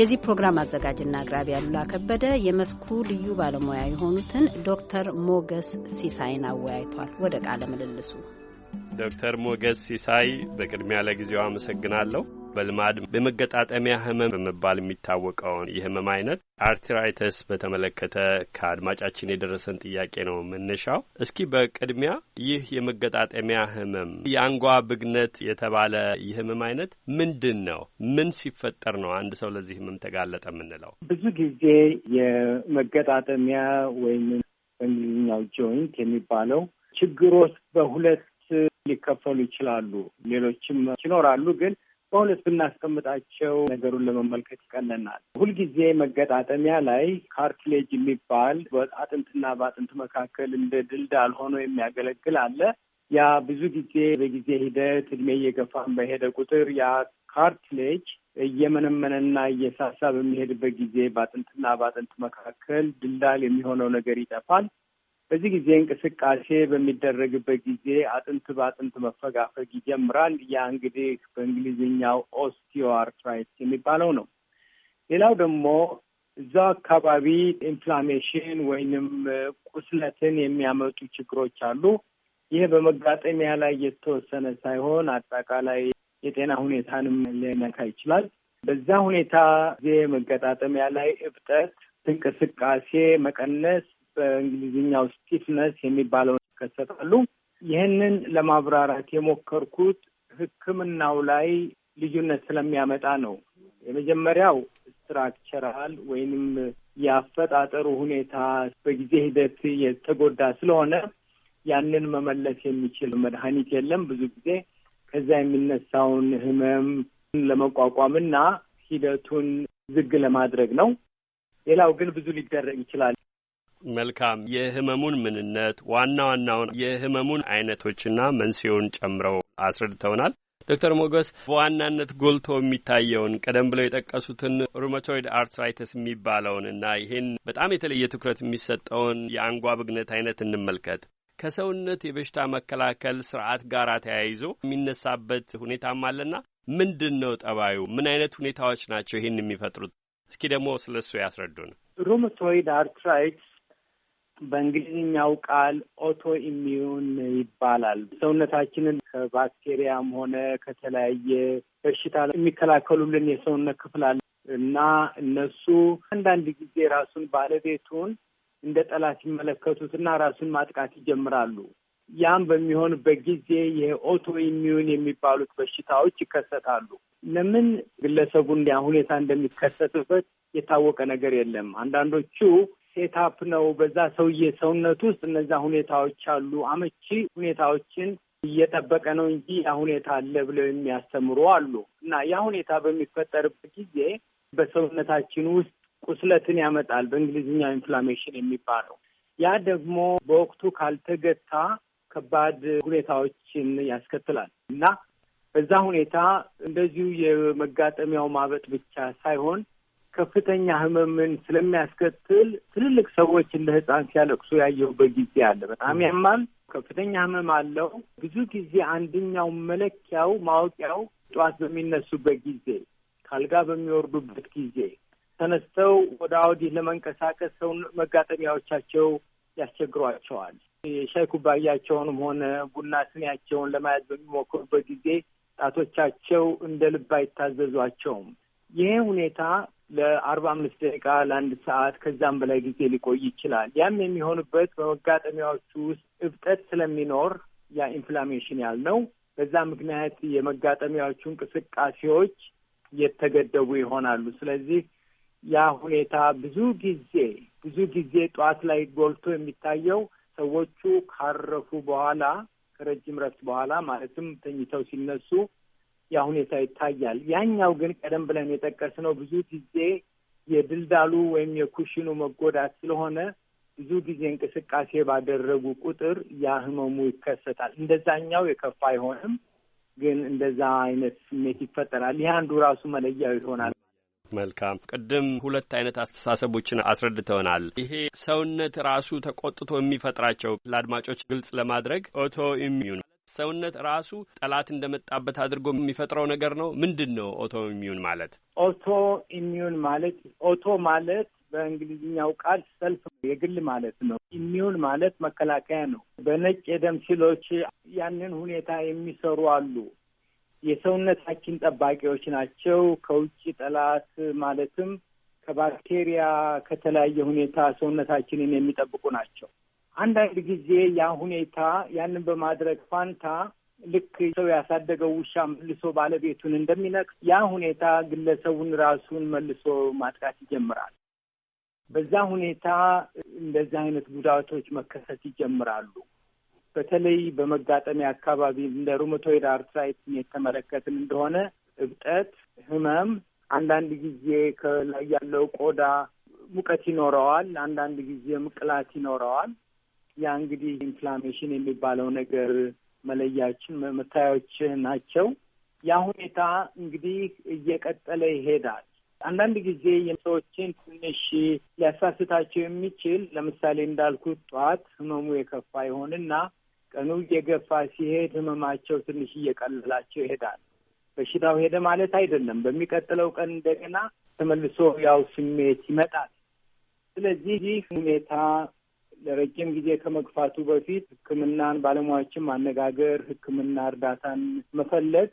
የዚህ ፕሮግራም አዘጋጅና አቅራቢ ያሉላ ከበደ የመስኩ ልዩ ባለሙያ የሆኑትን ዶክተር ሞገስ ሲሳይን አወያይቷል። ወደ ቃለ ምልልሱ ዶክተር ሞገስ ሲሳይ በቅድሚያ ለጊዜው አመሰግናለሁ። በልማድ በመገጣጠሚያ ህመም በመባል የሚታወቀውን የህመም አይነት አርትራይተስ በተመለከተ ከአድማጫችን የደረሰን ጥያቄ ነው መነሻው። እስኪ በቅድሚያ ይህ የመገጣጠሚያ ህመም የአንጓ ብግነት የተባለ የህመም አይነት ምንድን ነው? ምን ሲፈጠር ነው አንድ ሰው ለዚህ ህመም ተጋለጠ የምንለው? ብዙ ጊዜ የመገጣጠሚያ ወይም በእንግሊዝኛው ጆይንት የሚባለው ችግሮች በሁለት ሊከፈሉ ይችላሉ። ሌሎችም ይኖራሉ ግን በሁለት ብናስቀምጣቸው ነገሩን ለመመልከት ይቀለናል። ሁልጊዜ መገጣጠሚያ ላይ ካርትሌጅ የሚባል በአጥንትና በአጥንት መካከል እንደ ድልዳል ሆኖ የሚያገለግል አለ። ያ ብዙ ጊዜ በጊዜ ሂደት እድሜ እየገፋን በሄደ ቁጥር ያ ካርትሌጅ እየመነመነና እየሳሳ በሚሄድበት ጊዜ በአጥንትና በአጥንት መካከል ድልዳል የሚሆነው ነገር ይጠፋል። በዚህ ጊዜ እንቅስቃሴ በሚደረግበት ጊዜ አጥንት በአጥንት መፈጋፈግ ይጀምራል። ያ እንግዲህ በእንግሊዝኛው ኦስቲዮአርትራይት የሚባለው ነው። ሌላው ደግሞ እዛው አካባቢ ኢንፍላሜሽን ወይንም ቁስለትን የሚያመጡ ችግሮች አሉ። ይህ በመጋጠሚያ ላይ የተወሰነ ሳይሆን አጠቃላይ የጤና ሁኔታንም ሊነካ ይችላል። በዛ ሁኔታ ጊዜ መገጣጠሚያ ላይ እብጠት፣ እንቅስቃሴ መቀነስ፣ በእንግሊዝኛው ስቲፍነስ የሚባለው ይከሰታሉ። ይህንን ለማብራራት የሞከርኩት ሕክምናው ላይ ልዩነት ስለሚያመጣ ነው። የመጀመሪያው ስትራክቸራል ወይንም የአፈጣጠሩ ሁኔታ በጊዜ ሂደት የተጎዳ ስለሆነ ያንን መመለስ የሚችል መድኃኒት የለም። ብዙ ጊዜ ከዛ የሚነሳውን ህመም ለመቋቋምና ሂደቱን ዝግ ለማድረግ ነው። ሌላው ግን ብዙ ሊደረግ ይችላል። መልካም። የህመሙን ምንነት ዋና ዋናውን የህመሙን አይነቶችና መንስኤውን ጨምረው አስረድተውናል። ዶክተር ሞገስ በዋናነት ጎልቶ የሚታየውን ቀደም ብለው የጠቀሱትን ሩመቶይድ አርትራይተስ የሚባለውን እና ይህን በጣም የተለየ ትኩረት የሚሰጠውን የአንጓ ብግነት አይነት እንመልከት። ከሰውነት የበሽታ መከላከል ስርዓት ጋር ተያይዞ የሚነሳበት ሁኔታም አለና ምንድን ነው ጠባዩ? ምን አይነት ሁኔታዎች ናቸው ይህን የሚፈጥሩት? እስኪ ደግሞ ስለ እሱ ያስረዱን። ሩመቶይድ አርትራይትስ በእንግሊዝኛው ቃል ኦቶ ኢሚዩን ይባላል። ሰውነታችንን ከባክቴሪያም ሆነ ከተለያየ በሽታ የሚከላከሉልን የሰውነት ክፍል አለ እና እነሱ አንዳንድ ጊዜ ራሱን ባለቤቱን እንደ ጠላት እና ራሱን ማጥቃት ይጀምራሉ። ያም በሚሆንበት ጊዜ የኦቶ ኢሚዩን የሚባሉት በሽታዎች ይከሰታሉ። ለምን ግለሰቡን ያ ሁኔታ እንደሚከሰትበት የታወቀ ነገር የለም። አንዳንዶቹ ሴታፕ ነው። በዛ ሰውዬ ሰውነት ውስጥ እነዛ ሁኔታዎች አሉ። አመቺ ሁኔታዎችን እየጠበቀ ነው እንጂ ያ ሁኔታ አለ ብለው የሚያስተምሩ አሉ። እና ያ ሁኔታ በሚፈጠርበት ጊዜ በሰውነታችን ውስጥ ቁስለትን ያመጣል። በእንግሊዝኛ ኢንፍላሜሽን የሚባለው ያ ደግሞ በወቅቱ ካልተገታ ከባድ ሁኔታዎችን ያስከትላል እና በዛ ሁኔታ እንደዚሁ የመጋጠሚያው ማበጥ ብቻ ሳይሆን ከፍተኛ ህመምን ስለሚያስከትል ትልልቅ ሰዎች እንደ ህፃን ሲያለቅሱ ያየሁበት ጊዜ አለ። በጣም ያማል፣ ከፍተኛ ህመም አለው። ብዙ ጊዜ አንደኛው መለኪያው ማወቂያው ጠዋት በሚነሱበት ጊዜ፣ ካልጋ በሚወርዱበት ጊዜ፣ ተነስተው ወደ አውዲህ ለመንቀሳቀስ ሰው መጋጠሚያዎቻቸው ያስቸግሯቸዋል። የሻይ ኩባያቸውንም ሆነ ቡና ስኒያቸውን ለመያዝ በሚሞክሩበት ጊዜ ጣቶቻቸው እንደ ልብ አይታዘዟቸውም። ይሄ ሁኔታ ለአርባ አምስት ደቂቃ ለአንድ ሰዓት ከዛም በላይ ጊዜ ሊቆይ ይችላል። ያም የሚሆንበት በመጋጠሚያዎቹ ውስጥ እብጠት ስለሚኖር ያ ኢንፍላሜሽን ያልነው በዛ ምክንያት የመጋጠሚያዎቹ እንቅስቃሴዎች የተገደቡ ይሆናሉ። ስለዚህ ያ ሁኔታ ብዙ ጊዜ ብዙ ጊዜ ጠዋት ላይ ጎልቶ የሚታየው ሰዎቹ ካረፉ በኋላ ከረጅም ረፍት በኋላ ማለትም ተኝተው ሲነሱ ያ ሁኔታ ይታያል። ያኛው ግን ቀደም ብለን የጠቀስነው ብዙ ጊዜ የድልዳሉ ወይም የኩሽኑ መጎዳት ስለሆነ ብዙ ጊዜ እንቅስቃሴ ባደረጉ ቁጥር ያ ህመሙ ይከሰታል። እንደዛኛው የከፋ አይሆንም፣ ግን እንደዛ አይነት ስሜት ይፈጠራል። ይህ አንዱ ራሱ መለያው ይሆናል። መልካም። ቅድም ሁለት አይነት አስተሳሰቦችን አስረድተውናል። ይሄ ሰውነት ራሱ ተቆጥቶ የሚፈጥራቸው ለአድማጮች ግልጽ ለማድረግ ኦቶ ኢሚዩን ሰውነት ራሱ ጠላት እንደመጣበት አድርጎ የሚፈጥረው ነገር ነው። ምንድን ነው ኦቶ ኢሚዩን ማለት? ኦቶ ኢሚዩን ማለት ኦቶ ማለት በእንግሊዝኛው ቃል ሰልፍ የግል ማለት ነው። ኢሚዩን ማለት መከላከያ ነው። በነጭ የደም ሴሎች ያንን ሁኔታ የሚሰሩ አሉ። የሰውነታችን ጠባቂዎች ናቸው። ከውጭ ጠላት ማለትም ከባክቴሪያ ከተለያየ ሁኔታ ሰውነታችንን የሚጠብቁ ናቸው። አንዳንድ ጊዜ ያ ሁኔታ ያንን በማድረግ ፋንታ ልክ ሰው ያሳደገው ውሻ መልሶ ባለቤቱን እንደሚነክስ ያ ሁኔታ ግለሰቡን ራሱን መልሶ ማጥቃት ይጀምራል። በዛ ሁኔታ እንደዚህ አይነት ጉዳቶች መከሰት ይጀምራሉ። በተለይ በመጋጠሚያ አካባቢ እንደ ሩመቶይድ አርትራይት የተመለከትን እንደሆነ እብጠት፣ ህመም፣ አንዳንድ ጊዜ ከላይ ያለው ቆዳ ሙቀት ይኖረዋል። አንዳንድ ጊዜም ቅላት ይኖረዋል። ያ እንግዲህ ኢንፍላሜሽን የሚባለው ነገር መለያችን መታያዎች ናቸው። ያ ሁኔታ እንግዲህ እየቀጠለ ይሄዳል። አንዳንድ ጊዜ የሰዎችን ትንሽ ሊያሳስታቸው የሚችል ለምሳሌ እንዳልኩት ጠዋት ህመሙ የከፋ ይሆንና ቀኑ እየገፋ ሲሄድ ህመማቸው ትንሽ እየቀለላቸው ይሄዳል። በሽታው ሄደ ማለት አይደለም። በሚቀጥለው ቀን እንደገና ተመልሶ ያው ስሜት ይመጣል። ስለዚህ ይህ ሁኔታ ለረጅም ጊዜ ከመግፋቱ በፊት ሕክምናን ባለሙያዎችን ማነጋገር፣ ሕክምና እርዳታን መፈለግ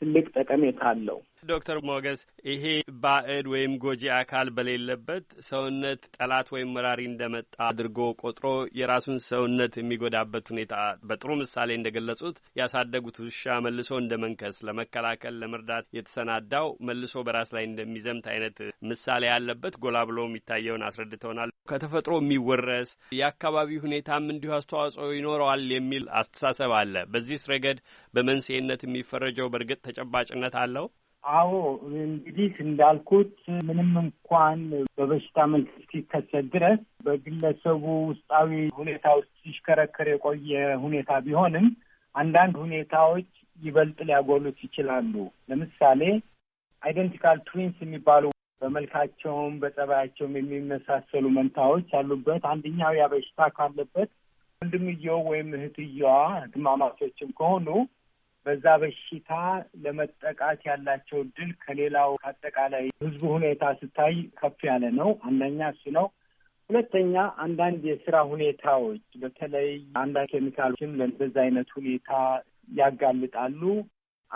ትልቅ ጠቀሜታ አለው። ዶክተር ሞገስ ይሄ ባዕድ ወይም ጎጂ አካል በሌለበት ሰውነት ጠላት ወይም መራሪ እንደመጣ አድርጎ ቆጥሮ የራሱን ሰውነት የሚጎዳበት ሁኔታ በጥሩ ምሳሌ እንደገለጹት ያሳደጉት ውሻ መልሶ እንደ መንከስ ለመከላከል ለመርዳት የተሰናዳው መልሶ በራስ ላይ እንደሚዘምት አይነት ምሳሌ ያለበት ጎላ ብሎ የሚታየውን አስረድተውናል። ከተፈጥሮ የሚወረስ የአካባቢ ሁኔታም እንዲሁ አስተዋጽኦ ይኖረዋል የሚል አስተሳሰብ አለ። በዚህ ረገድ በመንስኤነት የሚፈረጀው በእርግጥ ተጨባጭነት አለው? አዎ እንግዲህ እንዳልኩት ምንም እንኳን በበሽታ መልክ እስኪከሰት ድረስ በግለሰቡ ውስጣዊ ሁኔታ ውስጥ ሲሽከረከር የቆየ ሁኔታ ቢሆንም አንዳንድ ሁኔታዎች ይበልጥ ሊያጎሉት ይችላሉ። ለምሳሌ አይደንቲካል ትዊንስ የሚባሉ በመልካቸውም በጸባያቸውም የሚመሳሰሉ መንታዎች ያሉበት አንደኛው ያ በሽታ ካለበት ወንድምየው ወይም እህትየዋ ህትማማቾችም ከሆኑ በዛ በሽታ ለመጠቃት ያላቸው እድል ከሌላው አጠቃላይ ህዝቡ ሁኔታ ስታይ ከፍ ያለ ነው። አንደኛ እሱ ነው። ሁለተኛ አንዳንድ የስራ ሁኔታዎች በተለይ አንዳንድ ኬሚካሎችን ለእንደዛ አይነት ሁኔታ ያጋልጣሉ።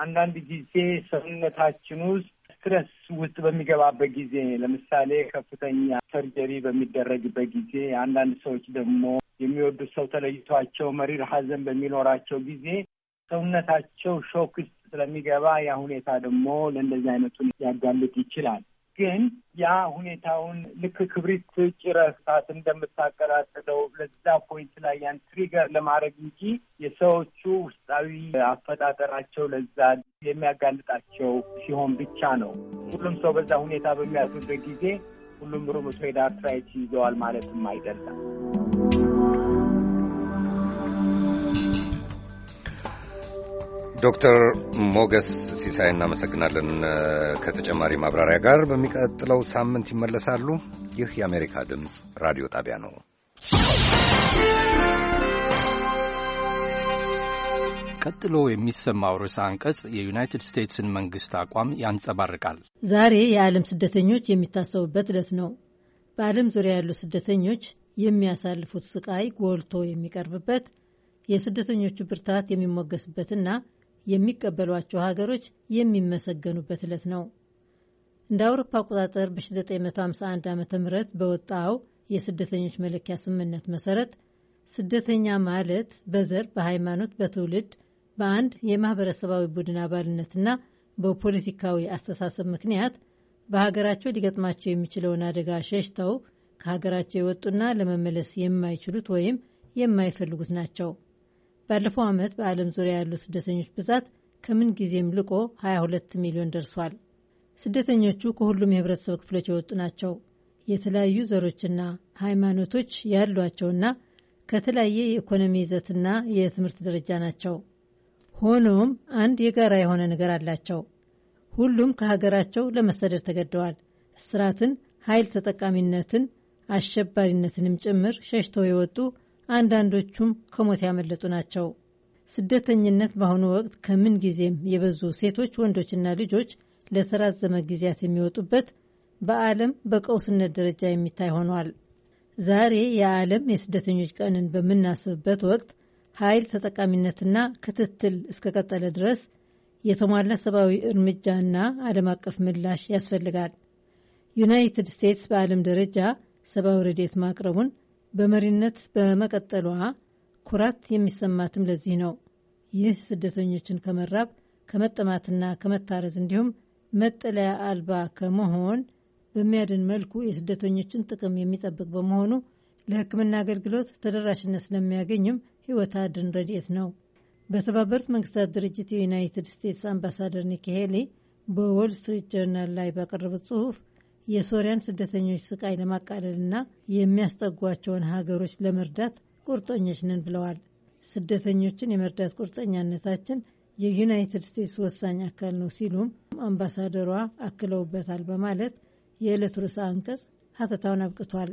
አንዳንድ ጊዜ ሰውነታችን ውስጥ ስትረስ ውስጥ በሚገባበት ጊዜ ለምሳሌ ከፍተኛ ሰርጀሪ በሚደረግበት ጊዜ፣ አንዳንድ ሰዎች ደግሞ የሚወዱት ሰው ተለይቷቸው መሪር ሐዘን በሚኖራቸው ጊዜ ሰውነታቸው ሾክ ውስጥ ስለሚገባ ያ ሁኔታ ደግሞ ለእንደዚህ አይነቱን ሊያጋልጥ ይችላል። ግን ያ ሁኔታውን ልክ ክብሪት ጭረህ እሳት እንደምታቀጣጥለው ለዛ ፖይንት ላይ ያን ትሪገር ለማድረግ እንጂ የሰዎቹ ውስጣዊ አፈጣጠራቸው ለዛ የሚያጋልጣቸው ሲሆን ብቻ ነው። ሁሉም ሰው በዛ ሁኔታ በሚያስበት ጊዜ ሁሉም ሩመቶይድ አርትራይት ይዘዋል ማለትም አይደለም። ዶክተር ሞገስ ሲሳይ እናመሰግናለን። ከተጨማሪ ማብራሪያ ጋር በሚቀጥለው ሳምንት ይመለሳሉ። ይህ የአሜሪካ ድምፅ ራዲዮ ጣቢያ ነው። ቀጥሎ የሚሰማው ርዕሰ አንቀጽ የዩናይትድ ስቴትስን መንግስት አቋም ያንጸባርቃል። ዛሬ የዓለም ስደተኞች የሚታሰቡበት ዕለት ነው። በዓለም ዙሪያ ያሉ ስደተኞች የሚያሳልፉት ስቃይ ጎልቶ የሚቀርብበት፣ የስደተኞቹ ብርታት የሚሞገስበትና የሚቀበሏቸው ሀገሮች የሚመሰገኑበት ዕለት ነው። እንደ አውሮፓ አቆጣጠር በ1951 ዓ ም በወጣው የስደተኞች መለኪያ ስምምነት መሰረት ስደተኛ ማለት በዘር፣ በሃይማኖት፣ በትውልድ፣ በአንድ የማህበረሰባዊ ቡድን አባልነትና በፖለቲካዊ አስተሳሰብ ምክንያት በሀገራቸው ሊገጥማቸው የሚችለውን አደጋ ሸሽተው ከሀገራቸው የወጡና ለመመለስ የማይችሉት ወይም የማይፈልጉት ናቸው። ባለፈው ዓመት በዓለም ዙሪያ ያሉ ስደተኞች ብዛት ከምን ጊዜም ልቆ 22 ሚሊዮን ደርሷል። ስደተኞቹ ከሁሉም የህብረተሰብ ክፍሎች የወጡ ናቸው። የተለያዩ ዘሮችና ሃይማኖቶች ያሏቸውና ከተለያየ የኢኮኖሚ ይዘትና የትምህርት ደረጃ ናቸው። ሆኖም አንድ የጋራ የሆነ ነገር አላቸው። ሁሉም ከሀገራቸው ለመሰደድ ተገደዋል። እስራትን፣ ኃይል ተጠቃሚነትን፣ አሸባሪነትንም ጭምር ሸሽተው የወጡ አንዳንዶቹም ከሞት ያመለጡ ናቸው። ስደተኝነት በአሁኑ ወቅት ከምን ጊዜም የበዙ ሴቶች፣ ወንዶችና ልጆች ለተራዘመ ጊዜያት የሚወጡበት በዓለም በቀውስነት ደረጃ የሚታይ ሆኗል። ዛሬ የዓለም የስደተኞች ቀንን በምናስብበት ወቅት ኃይል ተጠቃሚነትና ክትትል እስከቀጠለ ድረስ የተሟላ ሰብአዊ እርምጃና ዓለም አቀፍ ምላሽ ያስፈልጋል። ዩናይትድ ስቴትስ በዓለም ደረጃ ሰብአዊ ረድኤት ማቅረቡን በመሪነት በመቀጠሏ ኩራት የሚሰማትም ለዚህ ነው። ይህ ስደተኞችን ከመራብ ከመጠማትና ከመታረዝ እንዲሁም መጠለያ አልባ ከመሆን በሚያድን መልኩ የስደተኞችን ጥቅም የሚጠብቅ በመሆኑ ለሕክምና አገልግሎት ተደራሽነት ስለሚያገኝም ሕይወት አድን ረድኤት ነው። በተባበሩት መንግስታት ድርጅት የዩናይትድ ስቴትስ አምባሳደር ኒኪ ሄሊ በዎል ስትሪት ጆርናል ላይ ባቀረቡት ጽሑፍ የሶሪያን ስደተኞች ስቃይ ለማቃለልና የሚያስጠጓቸውን ሀገሮች ለመርዳት ቁርጠኞች ነን ብለዋል። ስደተኞችን የመርዳት ቁርጠኛነታችን የዩናይትድ ስቴትስ ወሳኝ አካል ነው ሲሉም አምባሳደሯ አክለውበታል በማለት የዕለቱ ርዕሰ አንቀጽ ሀተታውን አብቅቷል።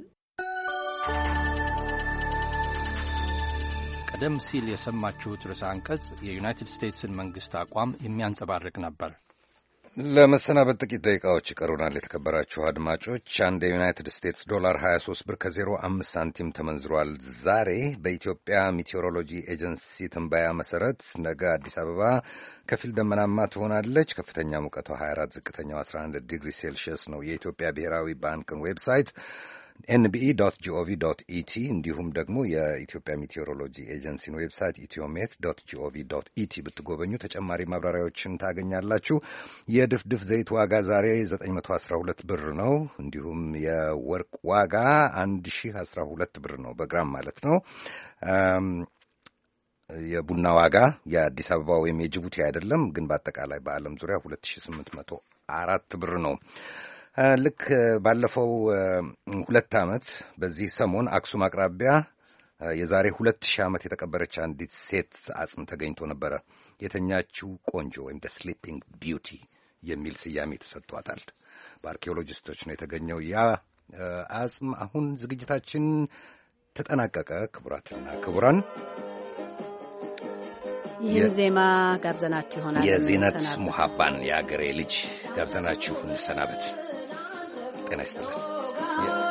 ቀደም ሲል የሰማችሁት ርዕሰ አንቀጽ የዩናይትድ ስቴትስን መንግስት አቋም የሚያንጸባርቅ ነበር። ለመሰናበት ጥቂት ደቂቃዎች ይቀሩናል። የተከበራችሁ አድማጮች አንድ የዩናይትድ ስቴትስ ዶላር 23 ብር ከ05 ሳንቲም ተመንዝሯል። ዛሬ በኢትዮጵያ ሚቴዎሮሎጂ ኤጀንሲ ትንባያ መሰረት ነገ አዲስ አበባ ከፊል ደመናማ ትሆናለች። ከፍተኛ ሙቀቷ 24፣ ዝቅተኛው 11 ዲግሪ ሴልሺየስ ነው። የኢትዮጵያ ብሔራዊ ባንክን ዌብሳይት ኤንቢኢ ዶት ጂኦቪ ዶት ኢቲ እንዲሁም ደግሞ የኢትዮጵያ ሜቴዎሮሎጂ ኤጀንሲን ዌብሳይት ኢትዮሜት ዶት ጂኦቪ ዶት ኢቲ ብትጎበኙ ተጨማሪ ማብራሪያዎችን ታገኛላችሁ። የድፍድፍ ዘይት ዋጋ ዛሬ 912 ብር ነው። እንዲሁም የወርቅ ዋጋ 1012 ብር ነው፣ በግራም ማለት ነው። የቡና ዋጋ የአዲስ አበባ ወይም የጅቡቲ አይደለም፣ ግን በአጠቃላይ በዓለም ዙሪያ 2804 ብር ነው። ልክ ባለፈው ሁለት ዓመት በዚህ ሰሞን አክሱም አቅራቢያ የዛሬ ሁለት ሺህ ዓመት የተቀበረች አንዲት ሴት አጽም ተገኝቶ ነበረ። የተኛችው ቆንጆ ወይም ደ ስሊፒንግ ቢዩቲ የሚል ስያሜ ተሰጥቷታል። በአርኪኦሎጂስቶች ነው የተገኘው ያ አጽም። አሁን ዝግጅታችን ተጠናቀቀ። ክቡራትና ክቡራን ይህን ዜማ ጋብዘናችሁ ይሆናል የዚነት ሙሀባን የአገሬ ልጅ ጋብዘናችሁ እንሰናበት። ጤና ይስጥልን።